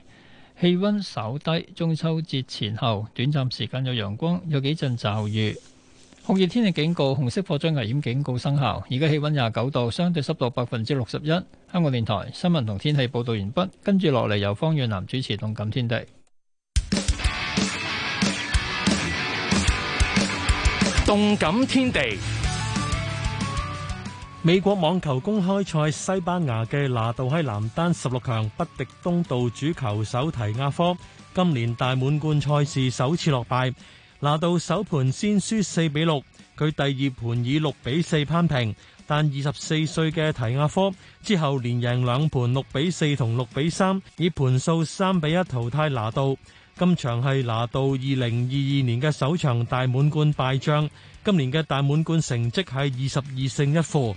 氣温稍低。中秋節前後，短暫時間有陽光，有幾陣驟雨。酷熱天氣警告，紅色火災危險警告生效。而家氣温廿九度，相對濕度百分之六十一。香港電台新聞同天氣報導完畢，跟住落嚟由方遠南主持《動感天地》。動感天地。美國網球公開賽，西班牙嘅拿杜喺男單十六強不敵東道主球手提亞科，今年大滿貫賽事首次落敗。拿杜首盤先輸四比六，佢第二盤以六比四扳平，但二十四歲嘅提亞科之後連贏兩盤六比四同六比三，以盤數三比一淘汰拿杜。今場係拿杜二零二二年嘅首場大滿貫敗仗，今年嘅大滿貫成績係二十二勝一負。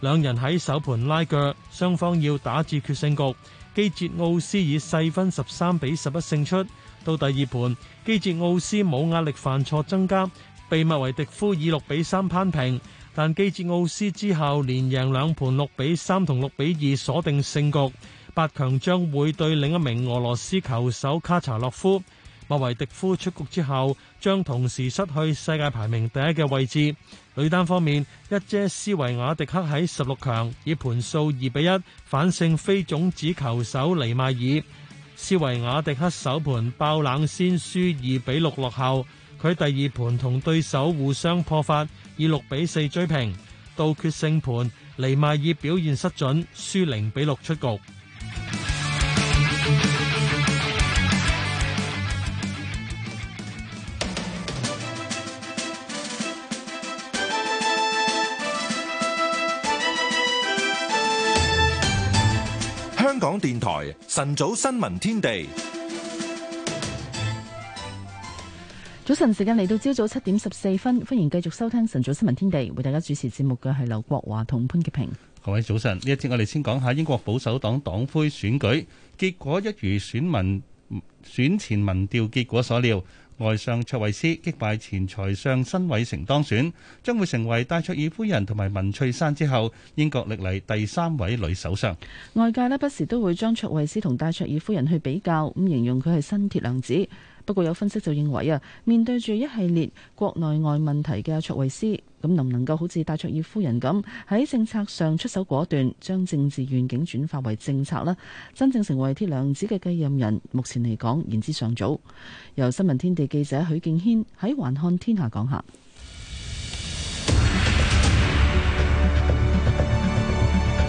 兩人喺首盤拉鋸，雙方要打至決勝局。基捷奧斯以細分十三比十一勝出。到第二盤，基捷奧斯冇壓力，犯錯增加，被麥維迪夫以六比三攀平。但基捷奧斯之後連贏兩盤，六比三同六比二鎖定勝局。八強將會對另一名俄羅斯球手卡查洛夫。麥維迪夫出局之後，將同時失去世界排名第一嘅位置。女單方面，一姐斯維瓦迪克喺十六強以盤數二比一反勝非種子球手尼邁爾。斯維瓦迪克首盤爆冷先輸二比六落後，佢第二盤同對手互相破發，以六比四追平。到決勝盤尼邁爾表現失準，輸零比六出局。香港電台晨早新聞天地，早晨時間嚟到朝早七點十四分，歡迎繼續收聽晨早新聞天地，爲大家主持節目嘅係劉國華同潘潔平。各位早晨，呢一節我哋先講下英國保守黨黨魁選舉，結果一如選民選前民調結果所料。外相卓慧思擊敗前財相辛偉誠當選，將會成為戴卓爾夫人同埋文翠珊之後，英國歷嚟第三位女首相。外界呢不時都會將卓慧思同戴卓爾夫人去比較，咁形容佢係新鐵娘子。不過有分析就認為啊，面對住一系列國內外問題嘅卓慧思，咁能唔能夠好似戴卓爾夫人咁喺政策上出手果斷，將政治願景轉化為政策咧，真正成為鐵娘子嘅繼任人，目前嚟講言之尚早。由新聞天地記者許敬軒喺《環看天下》講下，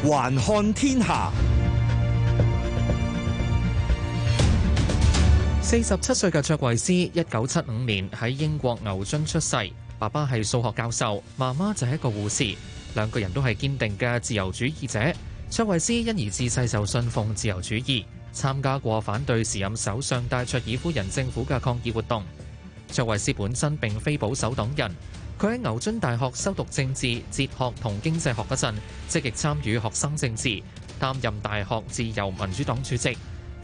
《環看天下》。四十七歲嘅卓慧思，一九七五年喺英國牛津出世，爸爸係數學教授，媽媽就係一個護士，兩個人都係堅定嘅自由主義者。卓慧思因而自細就信奉自由主義，參加過反對時任首相戴卓爾夫人政府嘅抗議活動。卓慧思本身並非保守黨人，佢喺牛津大學修讀政治、哲學同經濟學嗰陣，積極參與學生政治，擔任大學自由民主黨主席。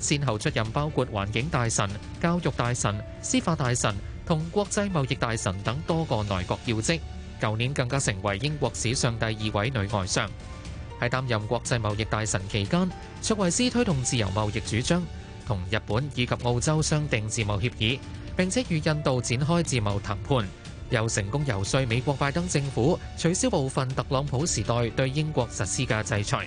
先後出任包括環境大臣、教育大臣、司法大臣同國際貿易大臣等多個內閣要職，舊年更加成為英國史上第二位女外相。喺擔任國際貿易大臣期間，卓慧思推動自由貿易主張，同日本以及澳洲商定自貿協議，並且與印度展開自貿談判，又成功游說美國拜登政府取消部分特朗普時代對英國實施嘅制裁。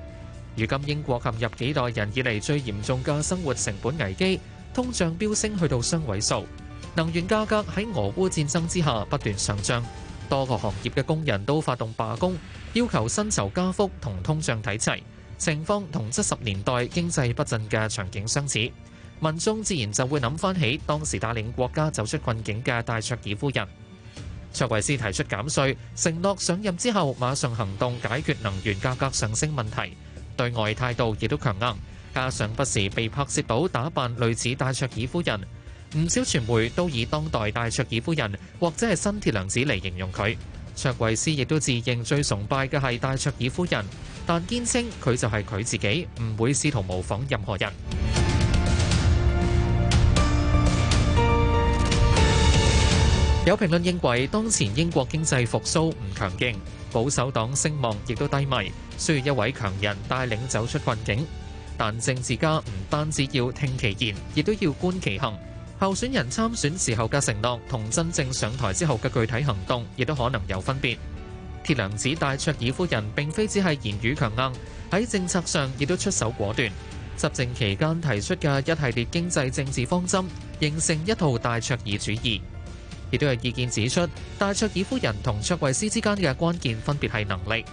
如今英國陷入幾代人以嚟最嚴重嘅生活成本危機，通脹飆升去到雙位數，能源價格喺俄烏戰爭之下不斷上漲，多個行業嘅工人都發動罷工，要求薪酬加幅同通脹睇齊，情況同七十年代經濟不振嘅場景相似，民眾自然就會諗翻起當時帶領國家走出困境嘅戴卓爾夫人，卓慧思提出減稅，承諾上任之後馬上行動解決能源價格上升問題。對外態度亦都強硬，加上不時被拍攝到打扮類似戴卓爾夫人，唔少傳媒都以當代戴卓爾夫人或者係新鐵娘子嚟形容佢。卓慧思亦都自認最崇拜嘅係戴卓爾夫人，但堅稱佢就係佢自己，唔會試圖模仿任何人。 [music] 有評論認為，當前英國經濟復甦唔強勁，保守黨聲望亦都低迷。需要一位強人帶領走出困境，但政治家唔單止要聽其言，亦都要觀其行。候選人參選時候嘅承諾同真正上台之後嘅具體行動，亦都可能有分別。鐵娘子戴卓爾夫人並非只係言語強硬，喺政策上亦都出手果斷。執政期間提出嘅一系列經濟政治方針，形成一套戴卓爾主義。亦都有意見指出，戴卓爾夫人同卓慧斯之間嘅關鍵分別係能力。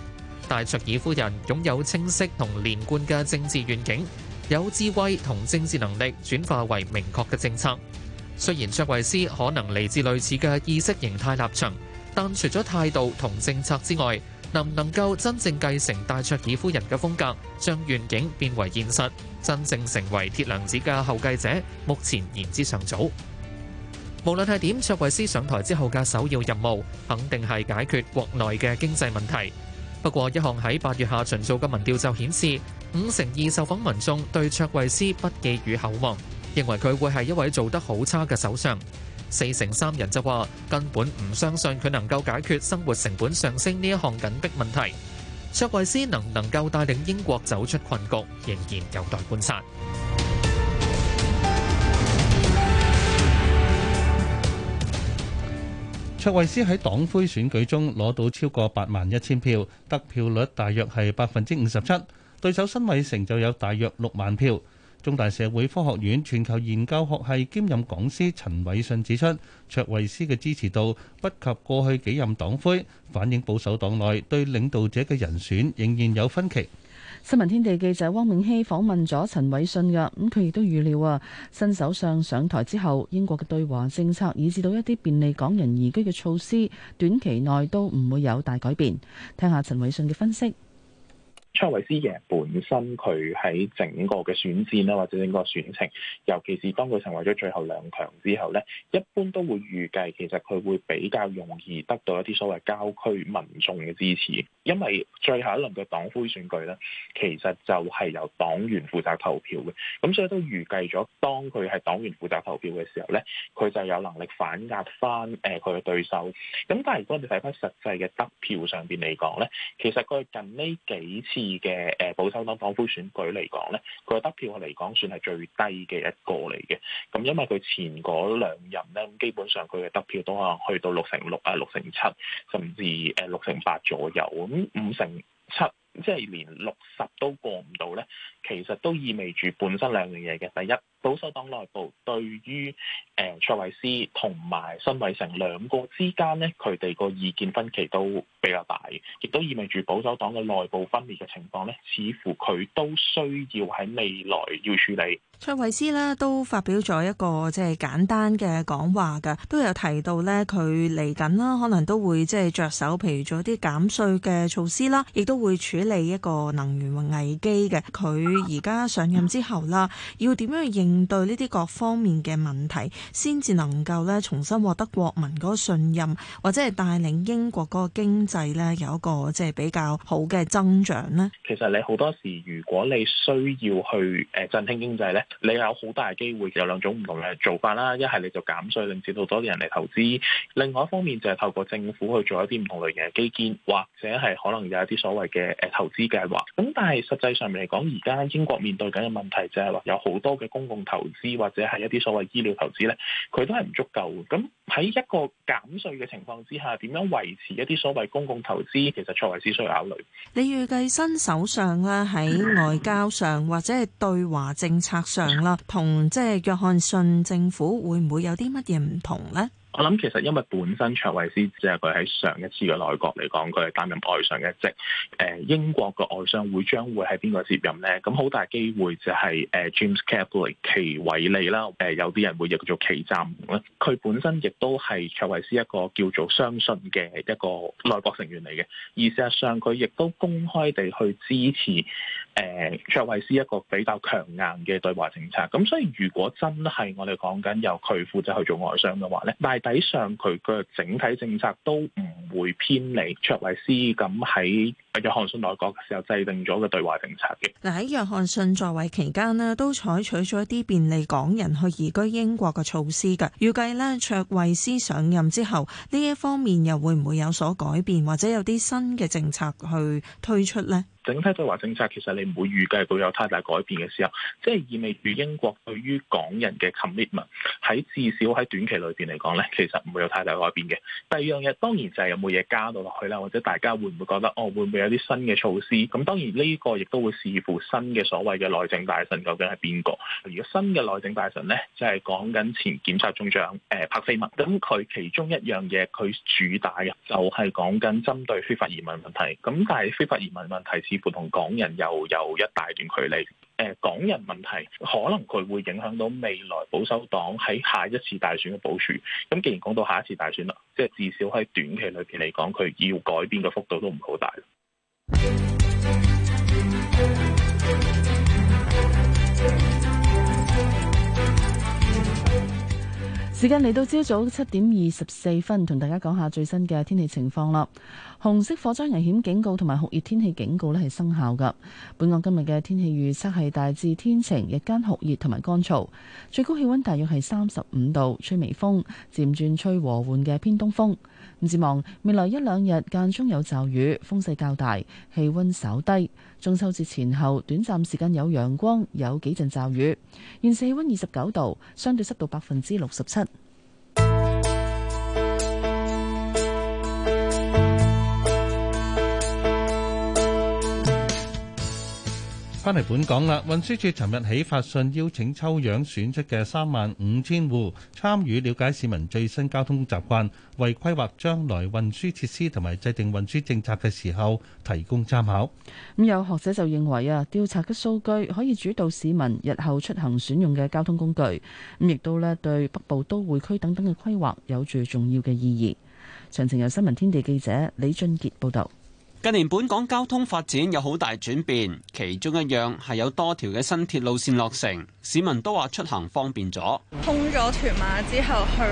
戴卓爾夫人擁有清晰同連貫嘅政治願景，有智慧同政治能力轉化為明確嘅政策。雖然卓慧思可能嚟自類似嘅意識形態立場，但除咗態度同政策之外，能唔能夠真正繼承戴卓爾夫人嘅風格，將願景變為現實，真正成為鐵娘子嘅後繼者，目前言之尚早。無論係點，卓慧思上台之後嘅首要任務，肯定係解決國內嘅經濟問題。不過，一項喺八月下旬做嘅民調就顯示，五成二受訪民眾對卓慧斯不寄予厚望，認為佢會係一位做得好差嘅首相。四成三人就話根本唔相信佢能夠解決生活成本上升呢一項緊迫問題。卓慧斯能唔能夠帶領英國走出困局，仍然有待觀察。卓慧斯喺黨魁選舉中攞到超過八萬一千票，得票率大約係百分之五十七。對手辛偉誠就有大約六萬票。中大社會科學院全球研究學系兼任講師陳偉信指出，卓慧斯嘅支持度不及過去幾任黨魁，反映保守黨內對領導者嘅人選仍然有分歧。新聞天地記者汪永熙訪問咗陳偉信嘅，咁佢亦都預料啊，新首相上,上台之後，英國嘅對華政策以至到一啲便利港人移居嘅措施，短期內都唔會有大改變。聽下陳偉信嘅分析。卓慧思贏本身佢喺整個嘅選戰啦，或者整個選情，尤其是當佢成為咗最後兩強之後咧，一般都會預計其實佢會比較容易得到一啲所謂郊區民眾嘅支持，因為最後一輪嘅黨魁選舉咧，其實就係由黨員負責投票嘅，咁所以都預計咗當佢係黨員負責投票嘅時候咧，佢就有能力反壓翻誒佢嘅對手。咁但係如果你睇翻實際嘅得票上邊嚟講咧，其實佢近呢幾次，嘅誒保守黨黨魁選舉嚟講咧，佢嘅得票嚟講算係最低嘅一個嚟嘅。咁因為佢前嗰兩任咧，基本上佢嘅得票都可能去到六成六啊，六成七，甚至誒六成八左右。咁五成七。即係連六十都過唔到呢，其實都意味住本身兩樣嘢嘅。第一，保守黨內部對於誒卓慧斯同埋辛偉成兩個之間呢，佢哋個意見分歧都比較大，亦都意味住保守黨嘅內部分裂嘅情況呢，似乎佢都需要喺未來要處理。卓慧斯呢都發表咗一個即係簡單嘅講話嘅，都有提到呢，佢嚟緊啦，可能都會即係着手，譬如做一啲減稅嘅措施啦，亦都會全。處理一個能源危機嘅，佢而家上任之後啦，要點樣去應對呢啲各方面嘅問題，先至能夠咧重新獲得國民嗰個信任，或者係帶領英國嗰個經濟咧有一個即係比較好嘅增長呢？其實你好多時，如果你需要去誒振興經濟咧，你有好大嘅機會有兩種唔同嘅做法啦。一係你就減稅，令至到多啲人嚟投資，另外一方面就係透過政府去做一啲唔同類型嘅基建，或者係可能有一啲所謂嘅投資計劃咁，但係實際上面嚟講，而家英國面對緊嘅問題就係話有好多嘅公共投資或者係一啲所謂醫療投資咧，佢都係唔足夠。咁喺一個減稅嘅情況之下，點樣維持一啲所謂公共投資，其實蔡維斯需要考慮。你預計新首相咧喺外交上或者係對華政策上啦，同即係約翰遜政府會唔會有啲乜嘢唔同咧？我諗其實因為本身卓慧思即係佢喺上一次嘅內閣嚟講，佢係擔任外相一職。誒英國嘅外相會將會係邊個接任咧？咁好大機會就係誒 James Cleverly 祁偉利啦。誒有啲人會譯做祁湛啦。佢本身亦都係卓慧思一個叫做相信嘅一個內閣成員嚟嘅，而事實上佢亦都公開地去支持。誒，卓慧斯一個比較強硬嘅對華政策，咁所以如果真係我哋講緊由佢負責去做外商嘅話呢，大體上佢嘅整體政策都唔會偏離卓慧斯咁喺約翰遜內閣嘅時候制定咗嘅對華政策嘅。嗱，喺約翰遜在位期間呢，都採取咗一啲便利港人去移居英國嘅措施㗎。預計呢，卓慧斯上任之後呢，一方面又會唔會有所改變，或者有啲新嘅政策去推出呢？整體對華政策其實你唔會預計到有太大改變嘅時候，即係意味住英國對於港人嘅 commitment 喺至少喺短期裏邊嚟講咧，其實唔會有太大改變嘅。第二樣嘢當然就係有冇嘢加到落去啦，或者大家會唔會覺得哦會唔會有啲新嘅措施？咁當然呢個亦都會視乎新嘅所謂嘅內政大臣究竟係邊個。如果新嘅內政大臣咧就係講緊前檢察總長誒柏菲文，咁佢其中一樣嘢佢主打嘅就係講緊針對非法移民問題。咁但係非法移民問題同港人又有一大段距離，呃。港人問題可能佢會影響到未來保守黨喺下一次大選嘅部署。咁既然講到下一次大選啦，即係至少喺短期裏邊嚟講，佢要改變嘅幅度都唔好大。時間嚟到朝早七點二十四分，同大家講下最新嘅天氣情況啦。紅色火災危險警告同埋酷熱天氣警告呢係生效㗎。本港今日嘅天氣預測係大致天晴，日間酷熱同埋乾燥，最高氣溫大約係三十五度，吹微風，漸轉吹和緩嘅偏東風。唔，展望未來一兩日間中有驟雨，風勢較大，氣溫稍低。中秋節前後短暫時間有陽光，有幾陣驟雨。現時氣溫二十九度，相對濕度百分之六十七。翻嚟本港啦，運輸處尋日起發信邀請抽樣選出嘅三萬五千戶參與了解市民最新交通習慣，為規劃將來運輸設施同埋制定運輸政策嘅時候提供參考。咁有學者就認為啊，調查嘅數據可以主導市民日後出行選用嘅交通工具，咁亦都呢對北部都會區等等嘅規劃有住重要嘅意義。詳情由新聞天地記者李俊杰報道。近年本港交通發展有好大轉變，其中一樣係有多條嘅新鐵路綫落成，市民都話出行方便咗。通咗屯馬之後，去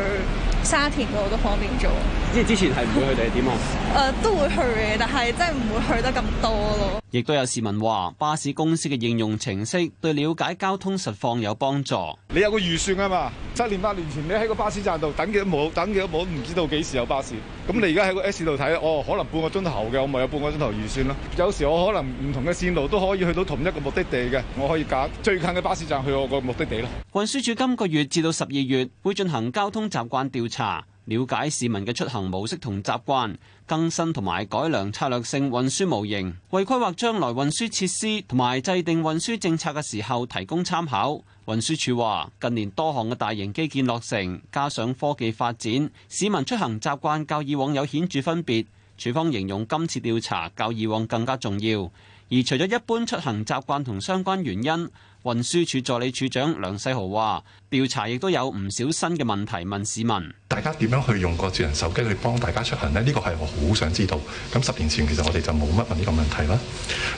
沙田嗰度都方便咗。即係之前係唔會去嘅，點啊 [laughs] 樣？誒、呃，都會去嘅，但係真係唔會去得咁多咯。亦都有市民話，巴士公司嘅應用程式對了解交通實況有幫助。你有個預算啊嘛？七年八年前你喺個巴士站度等幾多冇，等幾多冇，唔知道幾時有巴士。咁你而家喺個 S 度睇，哦，可能半個鐘頭嘅，我咪有。半個鐘頭預算咯。有時我可能唔同嘅線路都可以去到同一個目的地嘅，我可以揀最近嘅巴士站去我個目的地咯。運輸署今個月至到十二月會進行交通習慣調查，了解市民嘅出行模式同習慣，更新同埋改良策略性運輸模型，為規劃將來運輸設施同埋制定運輸政策嘅時候提供參考。運輸署話：近年多項嘅大型基建落成，加上科技發展，市民出行習慣較以往有顯著分別。署方形容今次調查較以往更加重要，而除咗一般出行習慣同相關原因。運輸署助理署長梁世豪話：調查亦都有唔少新嘅問題問市民。大家點樣去用個智能手機去幫大家出行呢？呢個係我好想知道。咁十年前其實我哋就冇乜問呢個問題啦。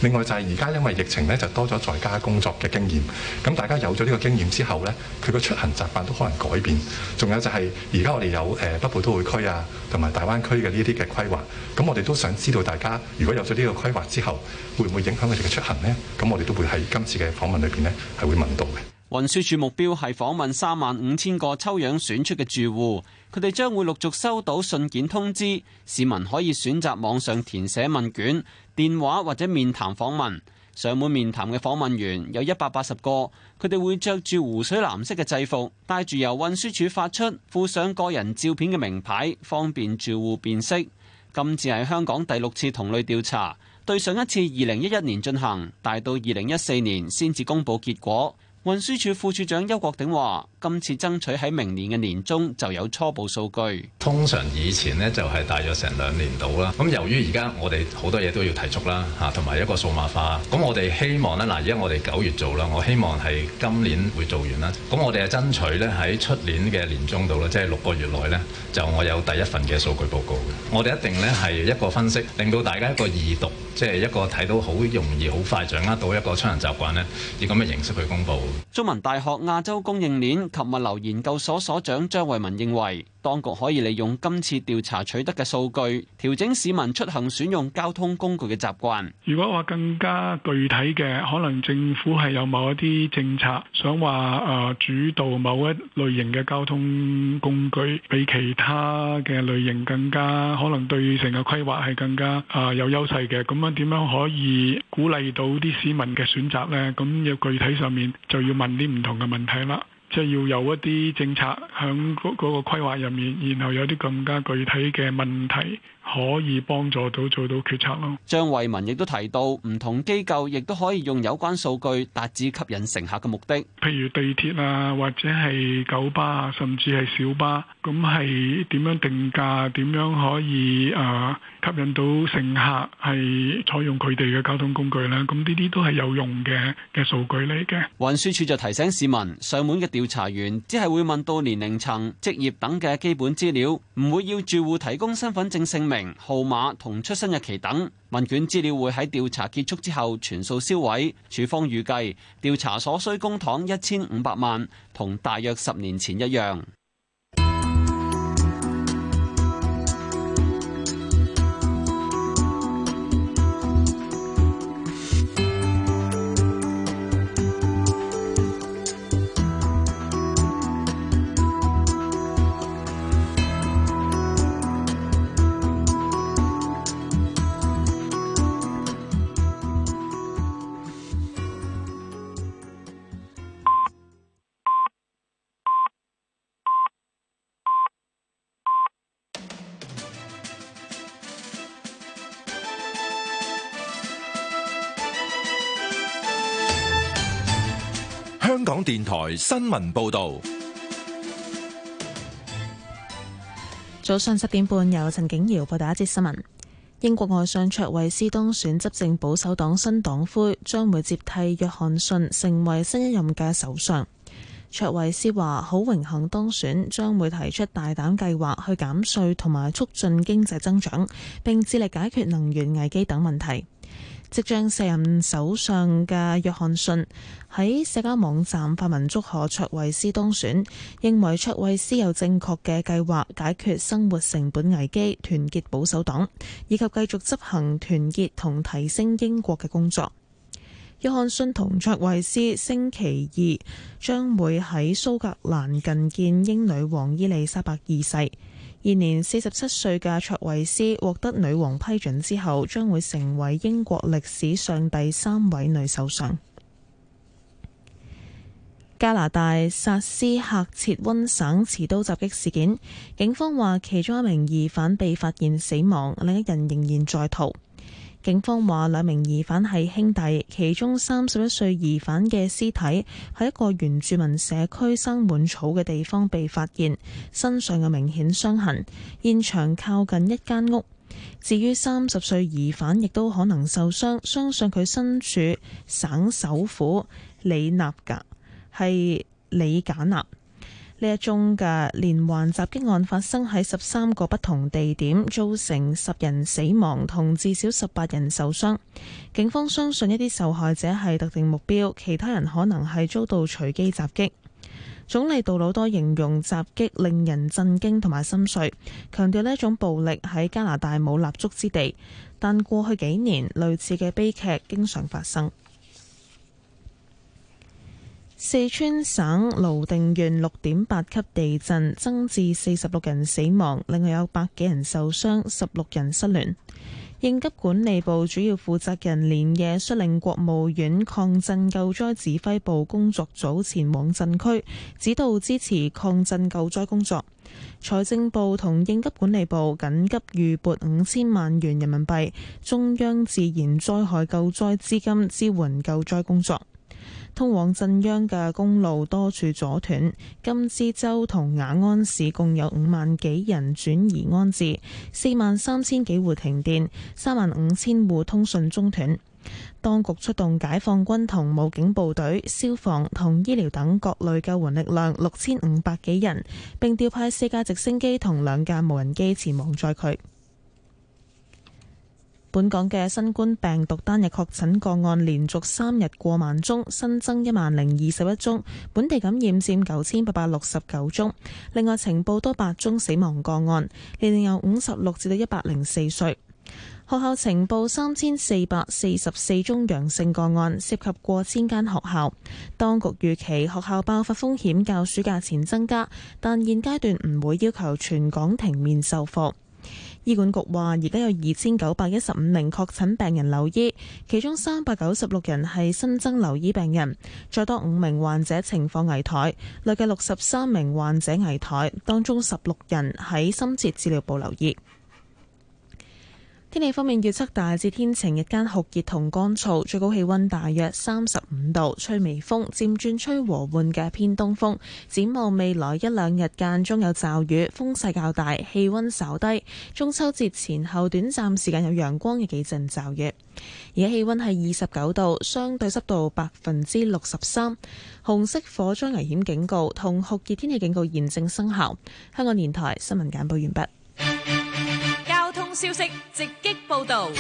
另外就係而家因為疫情呢，就多咗在家工作嘅經驗。咁大家有咗呢個經驗之後呢，佢個出行習慣都可能改變。仲有就係而家我哋有誒北部都會區啊，同埋大灣區嘅呢啲嘅規劃。咁我哋都想知道大家如果有咗呢個規劃之後，會唔會影響佢哋嘅出行呢？咁我哋都會喺今次嘅訪問裏邊呢。係會問到嘅。運輸署目標係訪問三萬五千個抽樣選出嘅住戶，佢哋將會陸續收到信件通知，市民可以選擇網上填寫問卷、電話或者面談訪問。上門面談嘅訪問員有一百八十個，佢哋會着住湖水藍色嘅制服，帶住由運輸署發出附上個人照片嘅名牌，方便住戶辨識。今次係香港第六次同類調查。對上一次二零一一年進行，大到二零一四年先至公布結果。運輸署副署長邱國鼎話，今次爭取喺明年嘅年中就有初步數據。通常以前呢，就係大約成兩年到啦。咁由於而家我哋好多嘢,都要提速啦，吓，同埋一個數碼化。咁我哋希望呢。嗱，而家我哋九月做啦，我希望係今年會做完啦。咁我哋係爭取呢，喺出年嘅年中度咧，即係六個月內呢，就我有第一份嘅數據報告嘅。我哋一定呢，係一個分析，令到大家一個易讀，即係一個睇到好容易、好快掌握到一個出行習慣呢，以咁嘅形式去公布。中文大學亞洲供應鏈及物流研究所所長張慧文認為，當局可以利用今次調查取得嘅數據，調整市民出行選用交通工具嘅習慣。如果話更加具體嘅，可能政府係有某一啲政策想，想話誒主導某一類型嘅交通工具，比其他嘅類型更加可能對成個規劃係更加啊、呃、有優勢嘅。咁樣點樣可以鼓勵到啲市民嘅選擇呢？咁要具體上面就要問啲唔同嘅問題啦。即係要有一啲政策響嗰嗰個規劃入面，然後有啲更加具體嘅問題。可以幫助到做到決策咯。張惠文亦都提到，唔同機構亦都可以用有關數據達至吸引乘客嘅目的。譬如地鐵啊，或者係九巴啊，甚至係小巴，咁係點樣定價？點樣可以誒、啊、吸引到乘客係採用佢哋嘅交通工具呢？咁呢啲都係有用嘅嘅數據嚟嘅。運輸署就提醒市民，上門嘅調查員只係會問到年齡層、職業等嘅基本資料，唔會要住戶提供身份證姓名。號碼同出生日期等問卷資料會喺調查結束之後全數銷毀。署方預計調查所需公帑一千五百萬，同大約十年前一樣。電台新聞報道：早上七點半，由陳景瑤報道一節新聞。英國外相卓慧斯當選執政保守黨新黨魁，將會接替約翰遜成為新一任嘅首相。卓慧斯話：好榮幸當選，將會提出大膽計劃去減稅同埋促進經濟增長，並致力解決能源危機等問題。即將卸任首相嘅約翰遜喺社交網站發文祝賀卓慧思當選，認為卓慧思有正確嘅計劃解決生活成本危機，團結保守黨，以及繼續執行團結同提升英國嘅工作。約翰遜同卓慧思星期二將會喺蘇格蘭近見英女王伊麗莎白二世。現年四十七歲嘅卓維斯獲得女王批准之後，將會成為英國歷史上第三位女首相。加拿大薩斯喀徹溫省持刀襲擊事件，警方話其中一名疑犯被發現死亡，另一人仍然在逃。警方話兩名疑犯係兄弟，其中三十一歲疑犯嘅屍體喺一個原住民社區生滿草嘅地方被發現，身上有明顯傷痕。現場靠近一間屋。至於三十歲疑犯亦都可能受傷，相信佢身處省首府里納格，係里簡納。呢一宗嘅連環襲擊案發生喺十三個不同地點，造成十人死亡同至少十八人受傷。警方相信一啲受害者係特定目標，其他人可能係遭到隨機襲擊。總理杜魯多形容襲擊令人震驚同埋心碎，強調呢一種暴力喺加拿大冇立足之地。但過去幾年類似嘅悲劇經常發生。四川省瀘定縣六點八級地震增至四十六人死亡，另外有百幾人受傷，十六人失聯。應急管理部主要負責人連夜率領國務院抗震救災指揮部工作組前往震區，指導支持抗震救災工作。財政部同應急管理部緊急預撥五千萬元人民幣，中央自然災害救災資金支援救災工作。通往震央嘅公路多處阻斷，甘孜州同雅安市共有五萬幾人轉移安置，四萬三千幾戶停電，三萬五千戶通訊中斷。當局出動解放軍同武警部隊、消防同醫療等各類救援力量六千五百幾人，並調派四架直升機同兩架無人機前往災區。本港嘅新冠病毒單日確診個案連續三日過萬宗，新增一萬零二十一宗，本地感染佔九千八百六十九宗。另外，呈報，多八宗死亡個案，年齡由五十六至到一百零四歲。學校呈報三千四百四十四宗陽性個案，涉及過千間學校。當局預期學校爆發風險較暑假前增加，但現階段唔會要求全港停面授課。醫管局話：而家有二千九百一十五名確診病人留醫，其中三百九十六人係新增留醫病人，再多五名患者情況危殆，累計六十三名患者危殆，當中十六人喺深切治療部留醫。天氣方面，預測大致天晴，日間酷熱同乾燥，最高氣溫大約三十五度，吹微風，漸轉吹和緩嘅偏東風。展望未來一兩日間，中有驟雨，風勢較大，氣溫稍低。中秋節前後短暫時間有陽光嘅幾陣驟雨，而家氣溫係二十九度，相對濕度百分之六十三。紅色火災危險警告同酷熱天氣警告現正生效。香港電台新聞簡報完畢。消息直擊報導。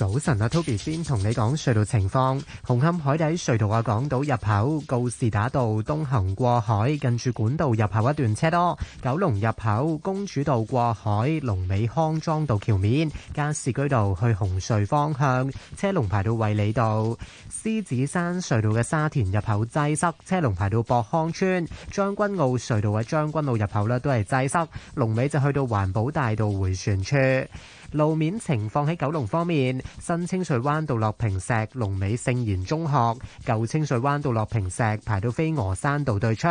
早晨啊，Toby 先同你講隧道情況。紅磡海底隧道啊，港島入口告士打道東行過海近住管道入口一段車多。九龍入口公主道過海龍尾康莊道橋面，加士居道去紅隧方向車龍排到衛理道。獅子山隧道嘅沙田入口擠塞，車龍排到博康村。將軍澳隧道嘅將軍澳入口呢，都係擠塞，龍尾就去到環保大道迴旋處。路面情況喺九龍方面，新清水灣道落坪石、龍尾聖賢中學、舊清水灣道落坪石排到飛鵝山道對出、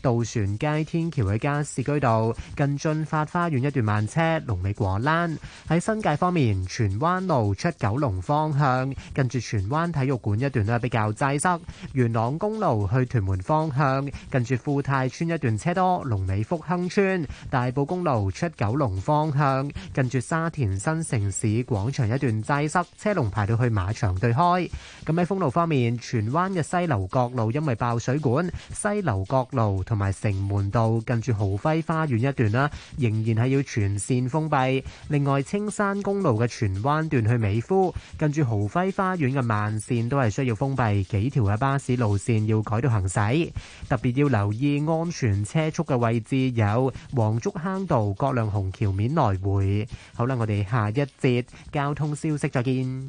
渡船街天橋去嘉士居道、近俊發花園一段慢車、龍尾果欄；喺新界方面，荃灣路出九龍方向，近住荃灣體育館一段都係比較擠塞；元朗公路去屯門方向，近住富泰村一段車多、龍尾福亨村、大埔公路出九龍方向，近住沙田。新城市廣場一段擠塞，車龍排到去馬場對開。咁喺封路方面，荃灣嘅西樓角路因為爆水管，西樓角路同埋城門道近住豪輝花園一段啦，仍然係要全線封閉。另外，青山公路嘅荃灣段去美孚，近住豪輝花園嘅慢線都係需要封閉，幾條嘅巴士路線要改道行駛。特別要留意安全車速嘅位置有黃竹坑道、葛量洪橋面來回。好啦，我哋。下一節交通消息，再見。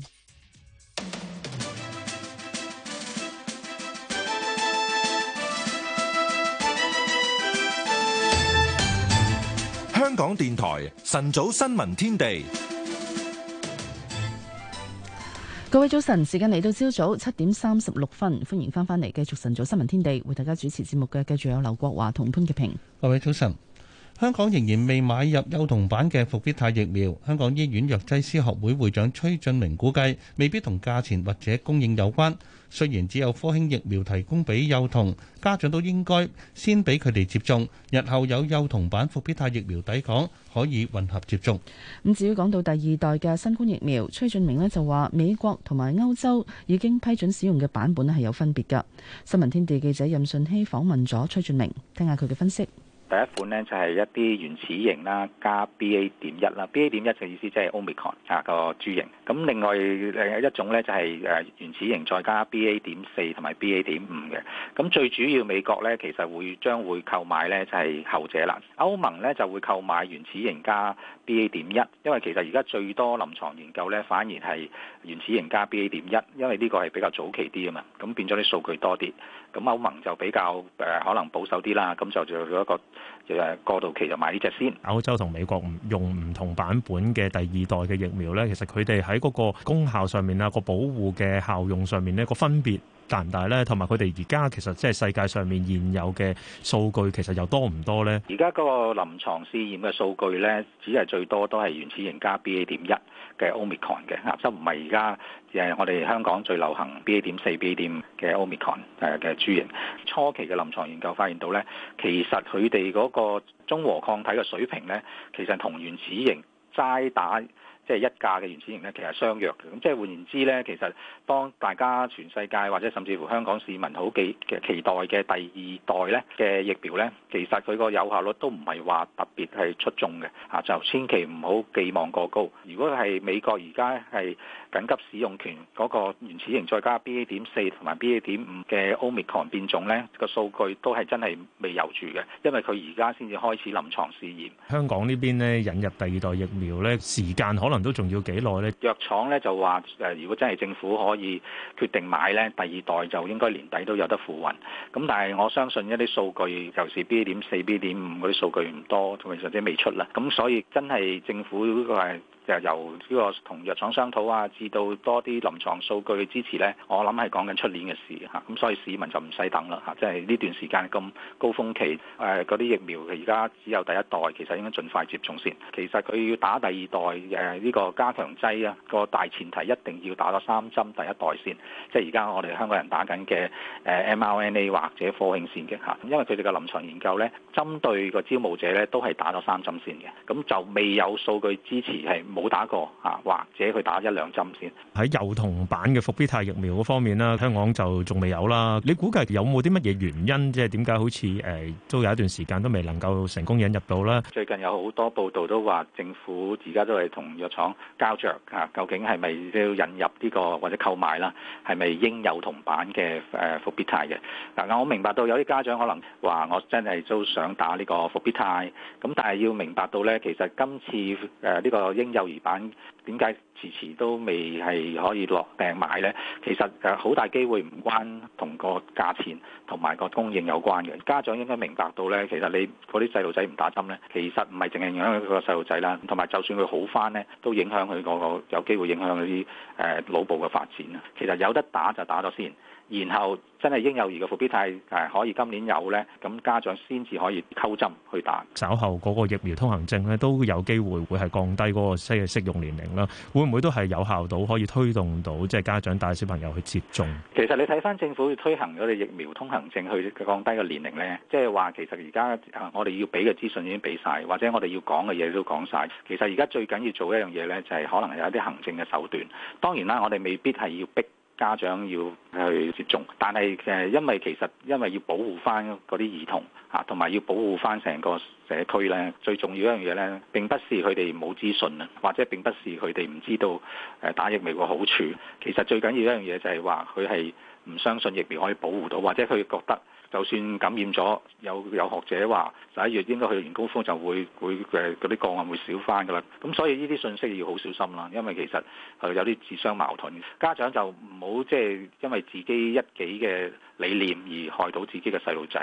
香港電台晨早新聞天地，各位早晨，時間嚟到朝早七點三十六分，歡迎返返嚟，繼續晨早新聞天地，為大家主持節目嘅，繼續有劉國華同潘潔平。各位早晨。香港仍然未買入幼童版嘅復必泰疫苗。香港醫院藥劑師學會會長崔俊明估計，未必同價錢或者供應有關，雖然只有科興疫苗提供俾幼童，家長都應該先俾佢哋接種。日後有幼童版復必泰疫苗抵港，可以混合接種。咁至於講到第二代嘅新冠疫苗，崔俊明咧就話美國同埋歐洲已經批准使用嘅版本係有分別噶，新聞天地記者任順希訪問咗崔俊明，聽下佢嘅分析。第一款咧就係、是、一啲原始型啦，加 BA 點一啦，BA 點一嘅意思即係 Omicron，啊、那個株型。咁另外另一種咧就係、是、誒原始型再加 BA 點四同埋 BA 點五嘅。咁最主要美國咧其實會將會購買咧就係、是、後者啦。歐盟咧就會購買原始型加。B. A. 點一，因為其實而家最多臨床研究咧，反而係原始型加 B. A. 點一，因為呢個係比較早期啲啊嘛，咁變咗啲數據多啲。咁歐盟就比較誒、呃，可能保守啲啦，咁就做咗一個誒過渡期，就，期就買呢隻先。歐洲同美國用唔同版本嘅第二代嘅疫苗咧，其實佢哋喺嗰個功效上面啊，個保護嘅效用上面呢個分別。但係咧，同埋佢哋而家其實即係世界上面現有嘅數據，其實又多唔多咧？而家嗰個臨床試驗嘅數據咧，只係最多都係原始型加 B A 點一嘅 Omicron 嘅，而唔係而家誒我哋香港最流行 B A 點四、B A 點五嘅 Omicron 誒嘅株型。初期嘅臨床研究發現到咧，其實佢哋嗰個中和抗體嘅水平咧，其實同原始型齋打。即係一架嘅原始型呢，其實相約嘅，咁即係換言之呢，其實當大家全世界或者甚至乎香港市民好寄期待嘅第二代呢嘅疫苗呢，其實佢個有效率都唔係話特別係出眾嘅，啊就千祈唔好寄望過高。如果係美國而家係。緊急使用權嗰個原始型，再加 B A 點四同埋 B A 點五嘅 Omicron 變種呢，個數據都係真係未有住嘅，因為佢而家先至開始臨床試驗。香港呢邊呢，引入第二代疫苗呢，時間可能都仲要幾耐呢。藥廠呢就話誒，如果真係政府可以決定買呢，第二代就應該年底都有得付運。咁但係我相信一啲數據，尤其是 B A 點四、B A 點五嗰啲數據唔多，同埋甚至未出啦。咁所以真係政府嗰個係。就由呢個同藥廠商討啊，至到多啲臨牀數據支持呢，我諗係講緊出年嘅事嚇，咁、啊、所以市民就唔使等啦嚇，即係呢段時間咁高峰期，誒嗰啲疫苗而家只有第一代，其實應該盡快接種先。其實佢要打第二代誒呢、啊呢個加強劑啊，個大前提一定要打咗三針第一代先，即係而家我哋香港人打緊嘅、啊、mRNA 或者科興腺嘅。嚇、啊，因為佢哋嘅臨床研究呢，針對個招募者呢，都係打咗三針先嘅，咁就未有數據支持係。冇打過嚇，或者去打一兩針先。喺幼童版嘅復必泰疫苗嗰方面啦，香港就仲未有啦。你估計有冇啲乜嘢原因？即係點解好似誒、欸、都有一段時間都未能夠成功引入到啦？最近有好多報道都話，政府而家都係同藥廠交着，嚇、啊，究竟係咪要引入呢、這個或者購買啦？係咪嬰幼童版嘅誒復必泰嘅？嗱、啊，我明白到有啲家長可能話，我真係都想打呢個復必泰，咁但係要明白到咧，其實今次誒呢、啊這個嬰幼副牌點解遲遲都未係可以落訂買呢？其實誒好大機會唔關同個價錢同埋個供應有關嘅。家長應該明白到呢，其實你嗰啲細路仔唔打針呢，其實唔係淨係影響佢個細路仔啦。同埋就算佢好翻呢，都影響佢個個有機會影響佢啲誒腦部嘅發展啊。其實有得打就打咗先。然後真係嬰幼兒嘅復必泰係可以今年有咧，咁家長先至可以溝針去打。稍後嗰個疫苗通行證咧都有機會會係降低嗰個適適用年齡啦，會唔會都係有效到可以推動到即係、就是、家長帶小朋友去接種？其實你睇翻政府推行咗啲疫苗通行證去降低個年齡咧，即係話其實而家我哋要俾嘅資訊已經俾晒，或者我哋要講嘅嘢都講晒。其實而家最緊要做一樣嘢咧，就係、是、可能有一啲行政嘅手段。當然啦，我哋未必係要逼。家長要去接種，但係誒，因為其實因為要保護翻嗰啲兒童吓，同埋要保護翻成個社區咧，最重要一樣嘢咧，並不是佢哋冇資訊啊，或者並不是佢哋唔知道誒打疫苗嘅好處。其實最緊要一樣嘢就係話佢係唔相信疫苗可以保護到，或者佢覺得。就算感染咗，有有學者話十一月應該去完高峰就會會誒嗰啲個案會少翻噶啦。咁所以呢啲信息要好小心啦，因為其實係有啲自相矛盾。家長就唔好即係因為自己一己嘅理念而害到自己嘅細路仔。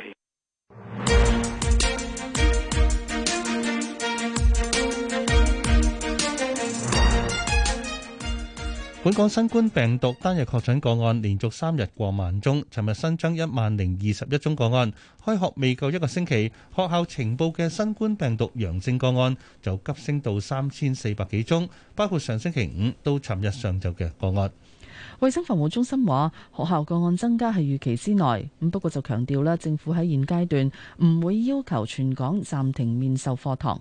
本港新冠病毒單日確診個案連續三日過萬宗，尋日新增一萬零二十一宗個案。開學未夠一個星期，學校呈報嘅新冠病毒陽性個案就急升到三千四百幾宗，包括上星期五到尋日上晝嘅個案。衛生防護中心話，學校個案增加係預期之內，咁不過就強調咧，政府喺現階段唔會要求全港暫停面授課堂。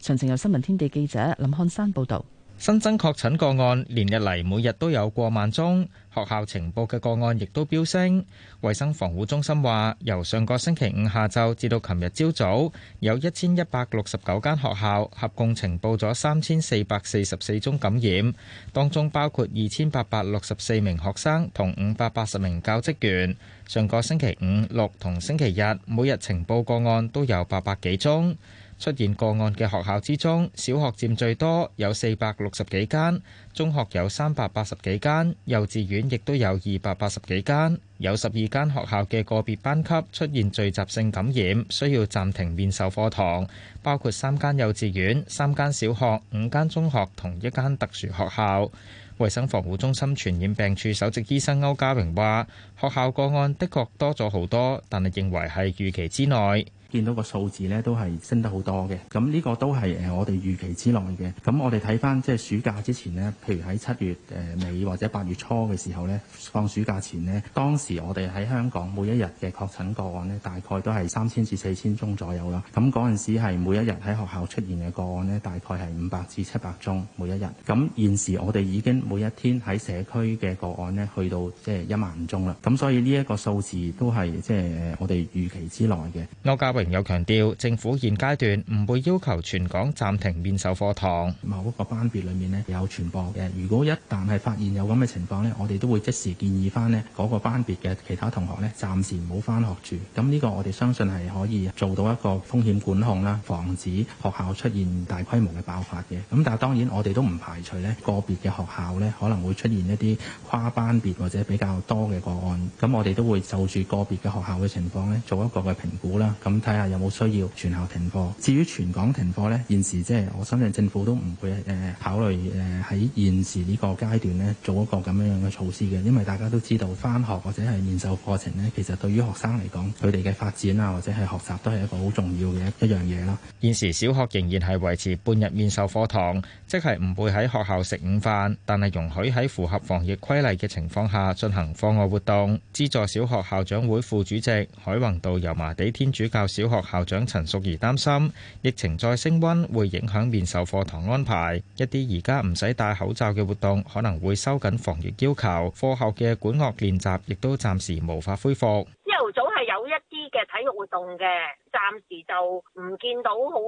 詳情由新聞天地記者林漢山報導。新增確診個案連日嚟每日都有過萬宗，學校呈報嘅個案亦都飆升。衛生防護中心話，由上個星期五下晝至到琴日朝早，有一千一百六十九間學校合共呈報咗三千四百四十四宗感染，當中包括二千八百六十四名學生同五百八十名教職員。上個星期五、六同星期日，每日呈報個案都有八百幾宗。出現個案嘅學校之中，小學佔最多，有四百六十幾間；中學有三百八十幾間，幼稚園亦都有二百八十幾間。有十二間學校嘅個別班級出現聚集性感染，需要暫停面授課堂，包括三間幼稚園、三間小學、五間中學同一間特殊學校。衛生防護中心傳染病處首席醫生歐家榮話：學校個案的確多咗好多，但係認為係預期之內。見到個數字咧，都係升得好多嘅。咁呢個都係誒、呃、我哋預期之內嘅。咁我哋睇翻即係暑假之前咧，譬如喺七月誒尾、呃、或者八月初嘅時候呢，放暑假前呢，當時我哋喺香港每一日嘅確診個案呢，大概都係三千至四千宗左右啦。咁嗰陣時係每一日喺學校出現嘅個案呢，大概係五百至七百宗每一日。咁現時我哋已經每一天喺社區嘅個案呢，去到即係一萬五宗啦。咁所以呢一個數字都係即係我哋預期之內嘅。 [music] 有強調，政府現階段唔會要求全港暫停面授課堂。某一個班別裏面咧，有傳播嘅，如果一旦係發現有咁嘅情況呢，我哋都會即時建議翻咧嗰個班別嘅其他同學咧暫時唔好翻學住。咁呢個我哋相信係可以做到一個風險管控啦，防止學校出現大規模嘅爆發嘅。咁但係當然，我哋都唔排除咧個別嘅學校咧可能會出現一啲跨班別或者比較多嘅個案。咁我哋都會就住個別嘅學校嘅情況咧做一個嘅評估啦，咁睇睇下有冇需要全校停課。至於全港停課咧，現時即係我相信政府都唔會誒考慮誒喺現時呢個階段咧做一個咁樣樣嘅措施嘅，因為大家都知道翻學或者係面授課程咧，其實對於學生嚟講，佢哋嘅發展啊或者係學習都係一個好重要嘅一樣嘢啦。現時小學仍然係維持半日面授課堂，即係唔會喺學校食午飯，但係容許喺符合防疫規例嘅情況下進行課外活動。資助小學校長會副主席海泓道油麻地天主教小學校長陳淑儀擔心，疫情再升溫會影響面授課堂安排，一啲而家唔使戴口罩嘅活動可能會收緊防疫要求，課後嘅管樂練習亦都暫時無法恢復。朝頭早係。有一啲嘅體育活動嘅，暫時就唔見到好，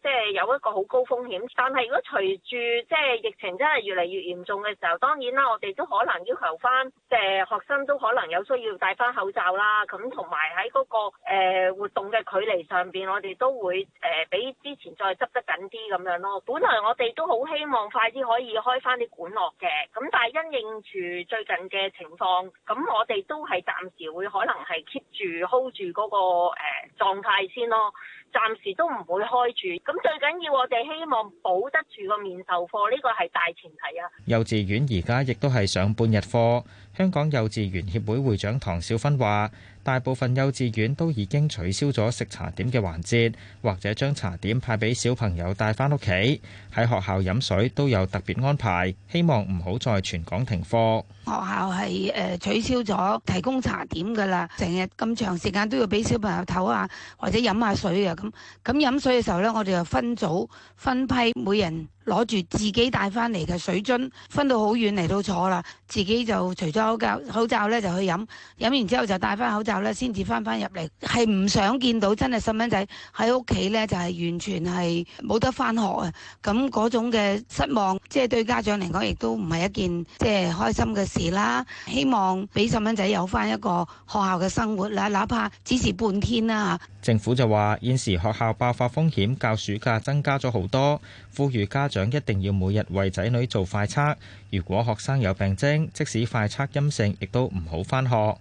即係有一個好高風險。但係如果隨住即係疫情真係越嚟越嚴重嘅時候，當然啦，我哋都可能要求翻，誒學生都可能有需要戴翻口罩啦。咁同埋喺嗰個、呃、活動嘅距離上邊，我哋都會誒、呃、比之前再執得緊啲咁樣咯。本來我哋都好希望快啲可以開翻啲管樂嘅，咁但係因應住最近嘅情況，咁我哋都係暫時會可能係 keep 住。hold 住嗰個誒狀態先咯，暫時都唔會開住。咁最緊要我哋希望保得住個面授課，呢個係大前提啊。幼稚園而家亦都係上半日課。香港幼稚園協會會長唐小芬話。大部分幼稚園都已經取消咗食茶點嘅環節，或者將茶點派俾小朋友帶返屋企。喺學校飲水都有特別安排，希望唔好再全港停課。學校係誒取消咗提供茶點㗎啦，成日咁長時間都要俾小朋友唞下或者飲下水啊，咁。咁飲水嘅時候咧，我哋就分組分批，每人攞住自己帶返嚟嘅水樽，分到好遠嚟到坐啦，自己就除咗口罩，口罩咧就去飲，飲完之後就戴翻口罩。後先至翻翻入嚟，係唔想見到真係細蚊仔喺屋企咧，就係完全係冇得翻學啊！咁嗰種嘅失望，即係對家長嚟講，亦都唔係一件即係開心嘅事啦。希望俾細蚊仔有翻一個學校嘅生活啦，哪怕只是半天啦。政府就話現時學校爆發風險，較暑假增加咗好多，呼籲家長一定要每日為仔女做快測。如果學生有病徵，即使快測陰性，亦都唔好翻學。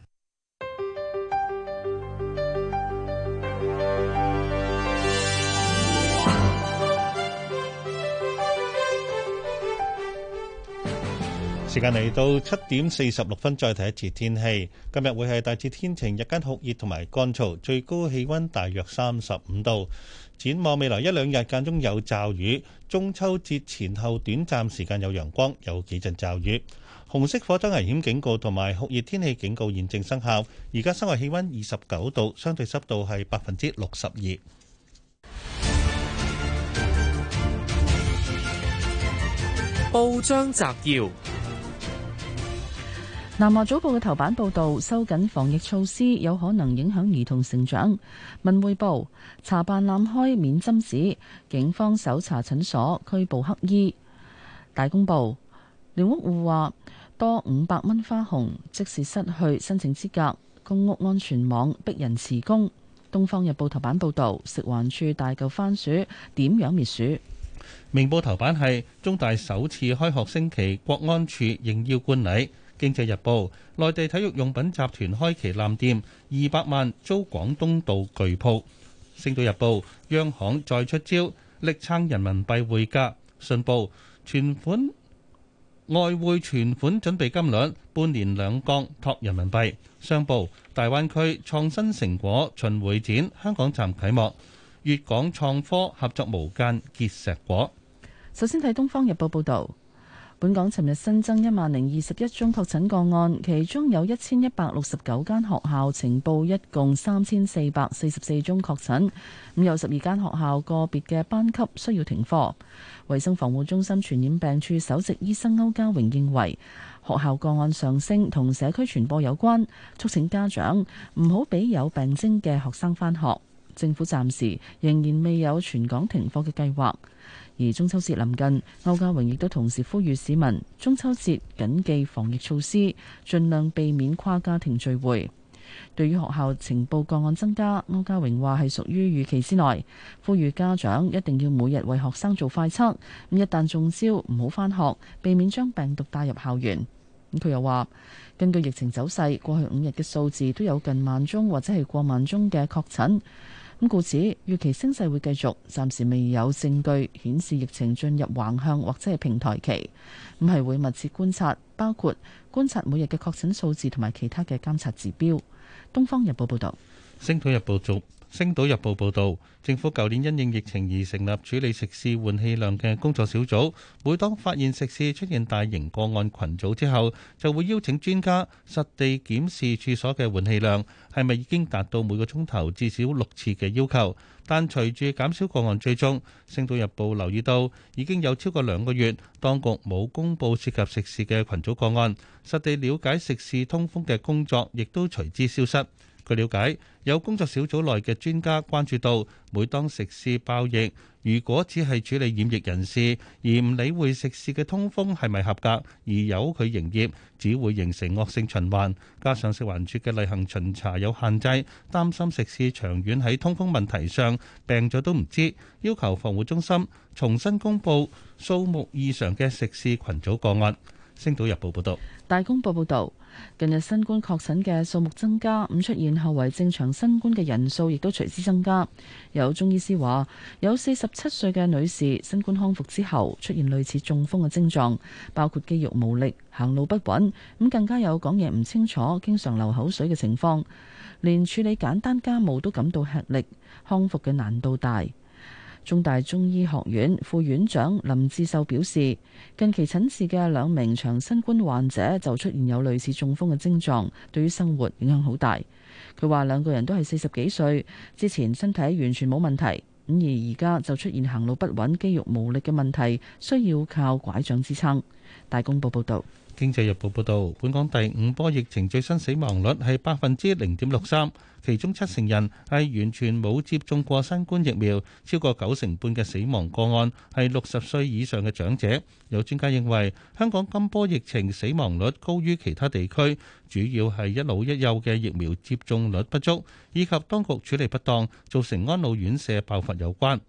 時間嚟到七點四十六分，再睇一次天氣。今日會係大致天晴，日間酷熱同埋乾燥，最高氣温大約三十五度。展望未來一兩日，間中有驟雨。中秋節前後短暫時間有陽光，有幾陣驟雨。紅色火災危險警告同埋酷熱天氣警告現正生效。而家室外氣温二十九度，相對濕度係百分之六十二。報章摘要。南華早報嘅頭版報道，收緊防疫措施有可能影響兒童成長。文匯報查辦濫開免針紙，警方搜查診所拘捕黑衣。大公報廖屋戶話多五百蚊花紅，即使失去申請資格。公屋安全網逼人辭工。東方日報頭版報道，食環署大舊番薯點樣滅鼠。明報頭版係中大首次開學升旗，國安處應邀觀禮。《經濟日報》：內地體育用品集團開旗艦店，二百萬租廣東道巨鋪。《星島日報》：央行再出招，力撐人民幣匯價。《信報》：存款外匯存款準備金率半年兩降，托人民幣。《商報》：大灣區創新成果巡迴展香港站啟幕，粵港創科合作無間結碩果。首先睇《東方日報》報導。本港尋日新增一萬零二十一宗確診個案，其中有一千一百六十九間學校呈報，一共三千四百四十四宗確診。咁有十二間學校個別嘅班級需要停課。衛生防護中心傳染病處首席醫生歐家榮認為，學校個案上升同社區傳播有關，促請家長唔好俾有病徵嘅學生返學。政府暫時仍然未有全港停課嘅計劃。而中秋節臨近，歐家榮亦都同時呼籲市民，中秋節緊記防疫措施，盡量避免跨家庭聚會。對於學校呈報個案增加，歐家榮話係屬於預期之內，呼籲家長一定要每日為學生做快測，咁一旦中招唔好返學，避免將病毒帶入校園。佢又話，根據疫情走勢，過去五日嘅數字都有近萬宗或者係過萬宗嘅確診。故此，預期升勢會繼續，暫時未有證據顯示疫情進入橫向或者係平台期，咁係會密切觀察，包括觀察每日嘅確診數字同埋其他嘅監察指標。《東方日報，報道》報導，《星島日報》續。星島日報報導，政府舊年因應疫情而成立處理食肆換氣量嘅工作小組，每當發現食肆出現大型個案群組之後，就會邀請專家實地檢視處所嘅換氣量係咪已經達到每個鐘頭至少六次嘅要求。但隨住減少個案追蹤，星島日報留意到已經有超過兩個月，當局冇公布涉及食肆嘅群組個案，實地了解食肆通風嘅工作亦都隨之消失。據了解，有工作小組內嘅專家關注到，每當食肆爆疫，如果只係處理染疫人士，而唔理會食肆嘅通風係咪合格而由佢營業，只會形成惡性循環。加上食環署嘅例行巡查有限制，擔心食肆長遠喺通風問題上病咗都唔知。要求防護中心重新公布數目異常嘅食肆群組個案。星島日報報道。大公報報導。近日新冠確診嘅數目增加，咁出現後遺症長新冠嘅人數亦都隨之增加。有中醫師話，有四十七歲嘅女士新冠康復之後，出現類似中風嘅症狀，包括肌肉無力、行路不穩，咁更加有講嘢唔清楚、經常流口水嘅情況，連處理簡單家務都感到吃力，康復嘅難度大。中大中醫學院副院長林志秀表示，近期診治嘅兩名長新冠患者就出現有類似中風嘅症狀，對於生活影響好大。佢話兩個人都係四十幾歲，之前身體完全冇問題，咁而而家就出現行路不穩、肌肉無力嘅問題，需要靠拐杖支撐。大公報報道，《經濟日報》報道，本港第五波疫情最新死亡率係百分之零點六三。其中七成人係完全冇接種過新冠疫苗，超過九成半嘅死亡個案係六十歲以上嘅長者。有專家認為，香港今波疫情死亡率高於其他地區，主要係一老一幼嘅疫苗接種率不足，以及當局處理不當，造成安老院舍爆發有關。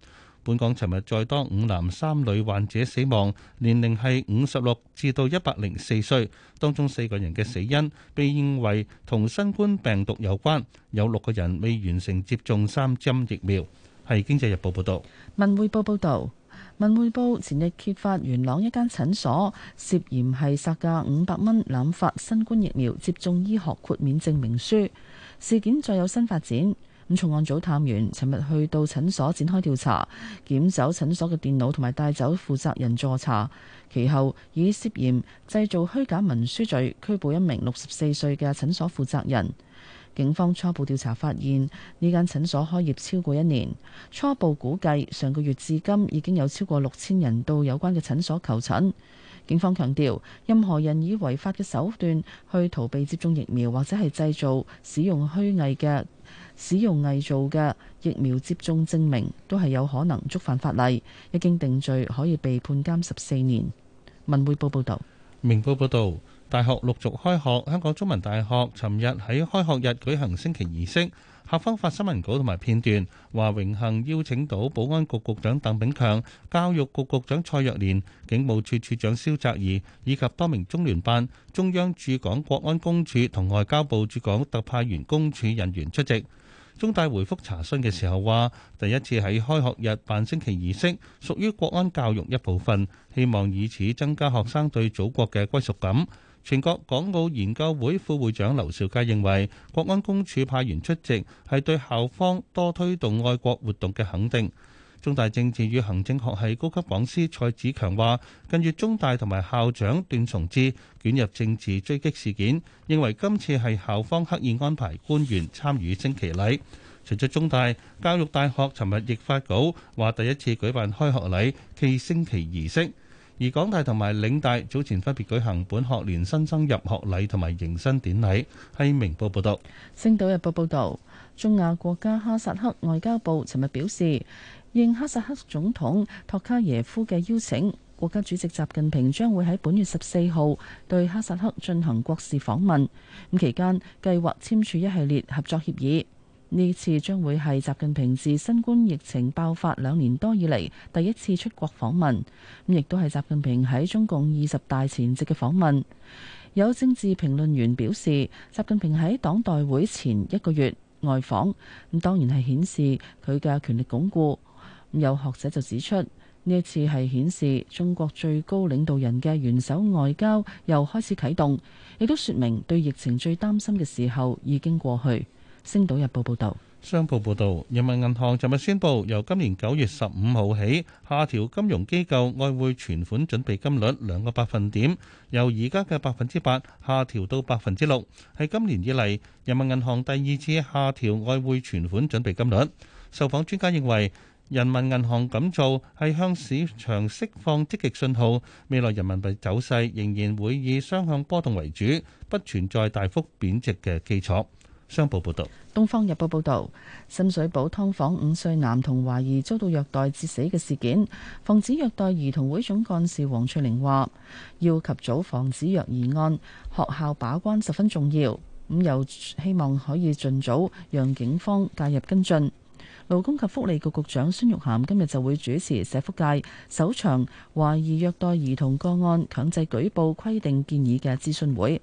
本港尋日再多五男三女患者死亡，年齡係五十六至到一百零四歲，當中四個人嘅死因被認為同新冠病毒有關，有六個人未完成接種三針疫苗。係經濟日報報道。文匯報報道，文匯報前日揭發元朗一間診所涉嫌係殺價五百蚊濫發新冠疫苗接種醫學豁免證明書，事件再有新發展。重案組探員尋日去到診所展開調查，檢走診所嘅電腦，同埋帶走負責人助查。其後以涉嫌製造虛假文書罪拘捕一名六十四歲嘅診所負責人。警方初步調查發現，呢間診所開業超過一年。初步估計，上個月至今已經有超過六千人到有關嘅診所求診。警方強調，任何人以違法嘅手段去逃避接種疫苗，或者係製造使用虛偽嘅。使用偽造嘅疫苗接種證明都係有可能觸犯法例，一經定罪可以被判監十四年。文匯報報道，明報報道，大學陸續開學。香港中文大學尋日喺開學日舉行升旗儀式，校方發新聞稿同埋片段話，榮幸邀請到保安局局長鄧炳強、教育局局長蔡若蓮、警務處處長蕭澤怡以及多名中聯辦、中央駐港國安公署同外交部駐港特派員公署人員出席。中大回覆查詢嘅時候話：第一次喺開學日辦升旗儀式，屬於國安教育一部分，希望以此增加學生對祖國嘅歸屬感。全國港澳研究會副會長劉兆佳認為，國安公署派員出席係對校方多推動愛國活動嘅肯定。中大政治與行政學系高級講師蔡子強話：近月中大同埋校長段崇智捲入政治追擊事件，認為今次係校方刻意安排官員參與升旗禮。除咗中大，教育大學尋日亦發稿話第一次舉辦開學禮暨升旗儀式。而港大同埋嶺大早前分別舉行本學年新生入學禮同埋迎新典禮。係明報報導，《星島日報》報道：「中亞國家哈薩克外交部尋日表示。應哈薩克總統托卡耶夫嘅邀請，國家主席習近平將會喺本月十四號對哈薩克進行國事訪問。咁期間計劃簽署一系列合作協議。呢次將會係習近平自新冠疫情爆發兩年多以嚟第一次出國訪問，亦都係習近平喺中共二十大前夕嘅訪問。有政治評論員表示，習近平喺黨代會前一個月外訪，咁當然係顯示佢嘅權力鞏固。有學者就指出，呢一次係顯示中國最高領導人嘅元首外交又開始啟動，亦都說明對疫情最擔心嘅時候已經過去。《星島日報》報道，《商報》報導，人民銀行尋日宣布，由今年九月十五號起下調金融機構外匯存款準備金率兩個百分點，由而家嘅百分之八下調到百分之六，係今年以嚟人民銀行第二次下調外匯存款準備金率。受訪專家認為，人民銀行咁做係向市場釋放積極信號，未來人民幣走勢仍然會以雙向波動為主，不存在大幅貶值嘅基礎。商報報導，《東方日報》報道，深水埗劏房五歲男童懷疑遭到虐待致死嘅事件，防止虐待兒童會總幹事黃翠玲話：要及早防止虐兒案，學校把關十分重要。咁又希望可以盡早讓警方介入跟進。勞工及福利局局長孫玉菡今日就會主持社福界首場懷疑虐待兒童個案強制舉報規定建議嘅諮詢會。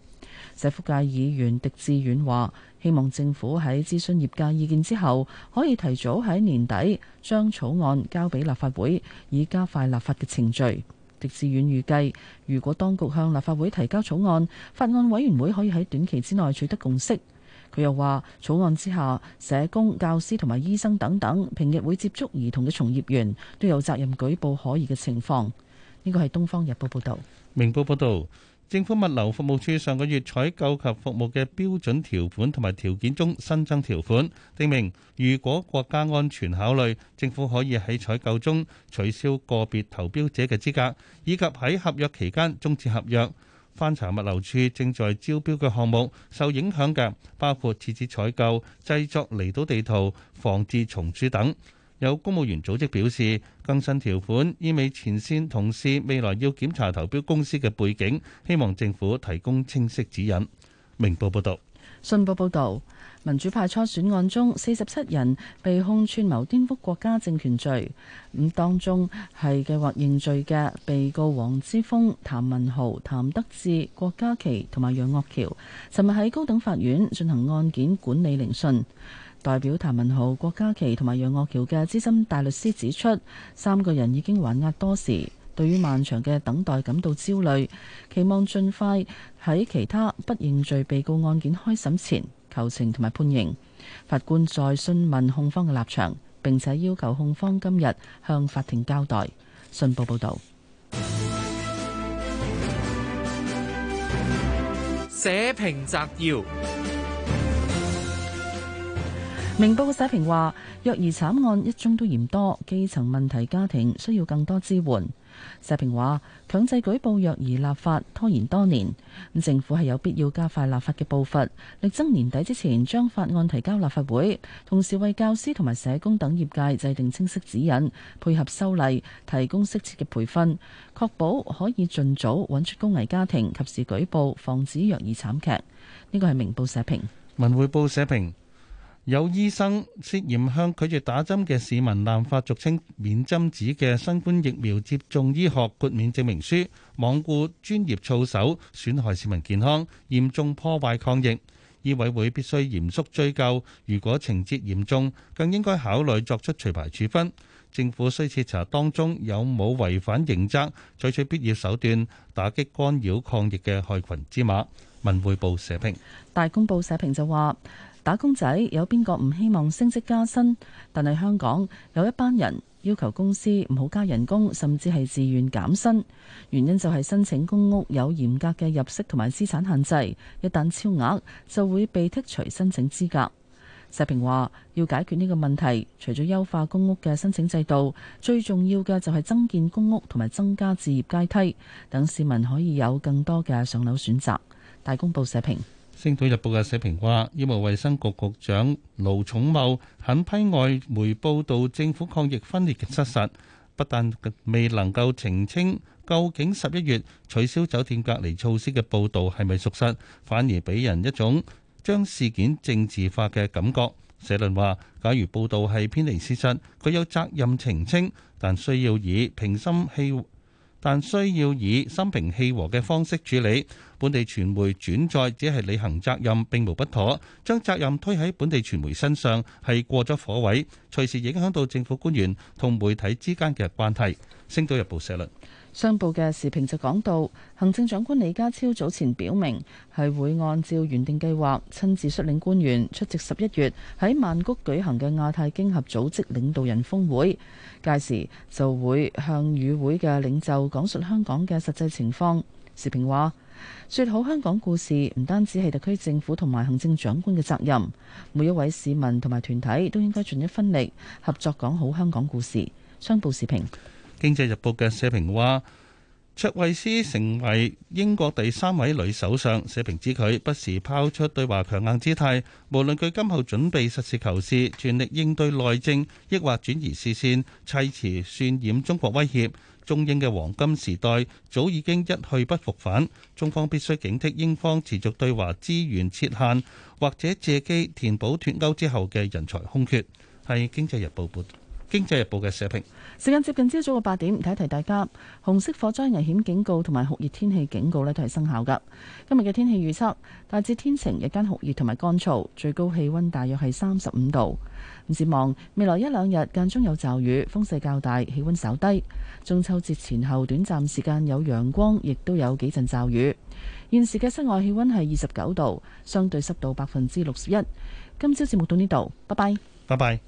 社福界議員狄志遠話：希望政府喺諮詢業界意見之後，可以提早喺年底將草案交俾立法會，以加快立法嘅程序。狄志遠預計，如果當局向立法會提交草案，法案委員會可以喺短期之內取得共識。佢又話：草案之下，社工、教師同埋醫生等等，平日會接觸兒童嘅從業員都有責任舉報可疑嘅情況。呢個係《東方日報》報道。明報報道，政府物流服務署上個月採購及服務嘅標準條款同埋條件中新增條款，定明如果國家安全考慮，政府可以喺採購中取消個別投標者嘅資格，以及喺合約期間終止合約。翻查物流署正在招標嘅項目，受影響嘅包括設置採購、製作離島地圖、防治蟲鼠等。有公務員組織表示，更新條款意味前線同事未來要檢查投標公司嘅背景，希望政府提供清晰指引。明報報道，信報報道。民主派初選案中，四十七人被控串謀顛覆國家政權罪，咁當中係計劃認罪嘅被告黃之鋒、譚文豪、譚德志、郭家麒同埋楊岳橋，尋日喺高等法院進行案件管理聆訊。代表譚文豪、郭家麒同埋楊岳橋嘅資深大律師指出，三個人已經還押多時，對於漫長嘅等待感到焦慮，期望盡快喺其他不認罪被告案件開審前，求情同埋判刑，法官再詢問控方嘅立場，並且要求控方今日向法庭交代。信報報道。社評摘要：明報嘅社評話，弱兒慘案一宗都嫌多，基層問題家庭需要更多支援。社評話，強制舉報虐兒立法拖延多年，政府係有必要加快立法嘅步伐，力爭年底之前將法案提交立法會，同時為教師同埋社工等業界制定清晰指引，配合修例提供適切嘅培訓，確保可以盡早揾出高危家庭，及時舉報，防止虐兒慘劇。呢個係明報社評，文匯報社評。有醫生涉嫌向拒絕打針嘅市民濫發，俗稱免針紙嘅新冠疫苗接種醫學豁免證明書，罔顧專業操守，損害市民健康，嚴重破壞抗疫。醫委會必須嚴肅追究，如果情節嚴重，更應該考慮作出除牌處分。政府需徹查當中有冇違反刑責，採取，取必要手段打擊干擾抗疫嘅害群之馬。文匯報社評。大公報社評就話，打工仔有邊個唔希望升職加薪？但係香港有一班人要求公司唔好加人工，甚至係自願減薪。原因就係申請公屋有嚴格嘅入息同埋資產限制，一旦超額就會被剔除申請資格。社評話要解決呢個問題，除咗優化公屋嘅申請制度，最重要嘅就係增建公屋同埋增加置業階梯，等市民可以有更多嘅上樓選擇。大公報社評。《星島日報》嘅社評話，醫務衛生局局長盧寵茂狠批外媒報導政府抗疫分裂嘅失實，不但未能夠澄清究竟十一月取消酒店隔離措施嘅報導係咪屬實，反而俾人一種將事件政治化嘅感覺。社論話，假如報導係偏離事實，佢有責任澄清，但需要以平心氣，但需要以心平氣和嘅方式處理。本地傳媒轉載只係履行責任，並無不妥。將責任推喺本地傳媒身上係過咗火位，隨時影響到政府官員同媒體之間嘅關係。《星島日報》社論。商報嘅時評就講到，行政長官李家超早前表明係會按照原定計劃親自率領官員出席十一月喺曼谷舉行嘅亞太經合組織領導人峰會，屆時就會向與會嘅領袖講述香港嘅實際情況。時評話。說好香港故事唔單止係特區政府同埋行政長官嘅責任，每一位市民同埋團體都應該盡一分力，合作講好香港故事。商報時評，《經濟日報》嘅社評話：卓慧思成為英國第三位女首相，社評指佢不時拋出對華強硬姿態，無論佢今後準備實事求是，全力應對內政，抑或轉移視線，砌詞渲染中國威脅。中英嘅黃金時代早已經一去不復返，中方必須警惕英方持續對華資源設限，或者借機填補脫歐之後嘅人才空缺。係《經濟日報》本《經濟日報》嘅社評。時間接近朝早嘅八點，提一提大家，紅色火災危險警告同埋酷熱天氣警告咧都係生效噶，今日嘅天氣預測大致天晴，日間酷熱同埋乾燥，最高氣溫大約係三十五度。展望未來一兩日間中有驟雨，風勢較大，氣溫稍低。中秋節前後短暫時間有陽光，亦都有幾陣驟雨。現時嘅室外氣溫係二十九度，相對濕度百分之六十一。今朝節目到呢度，拜拜，拜拜。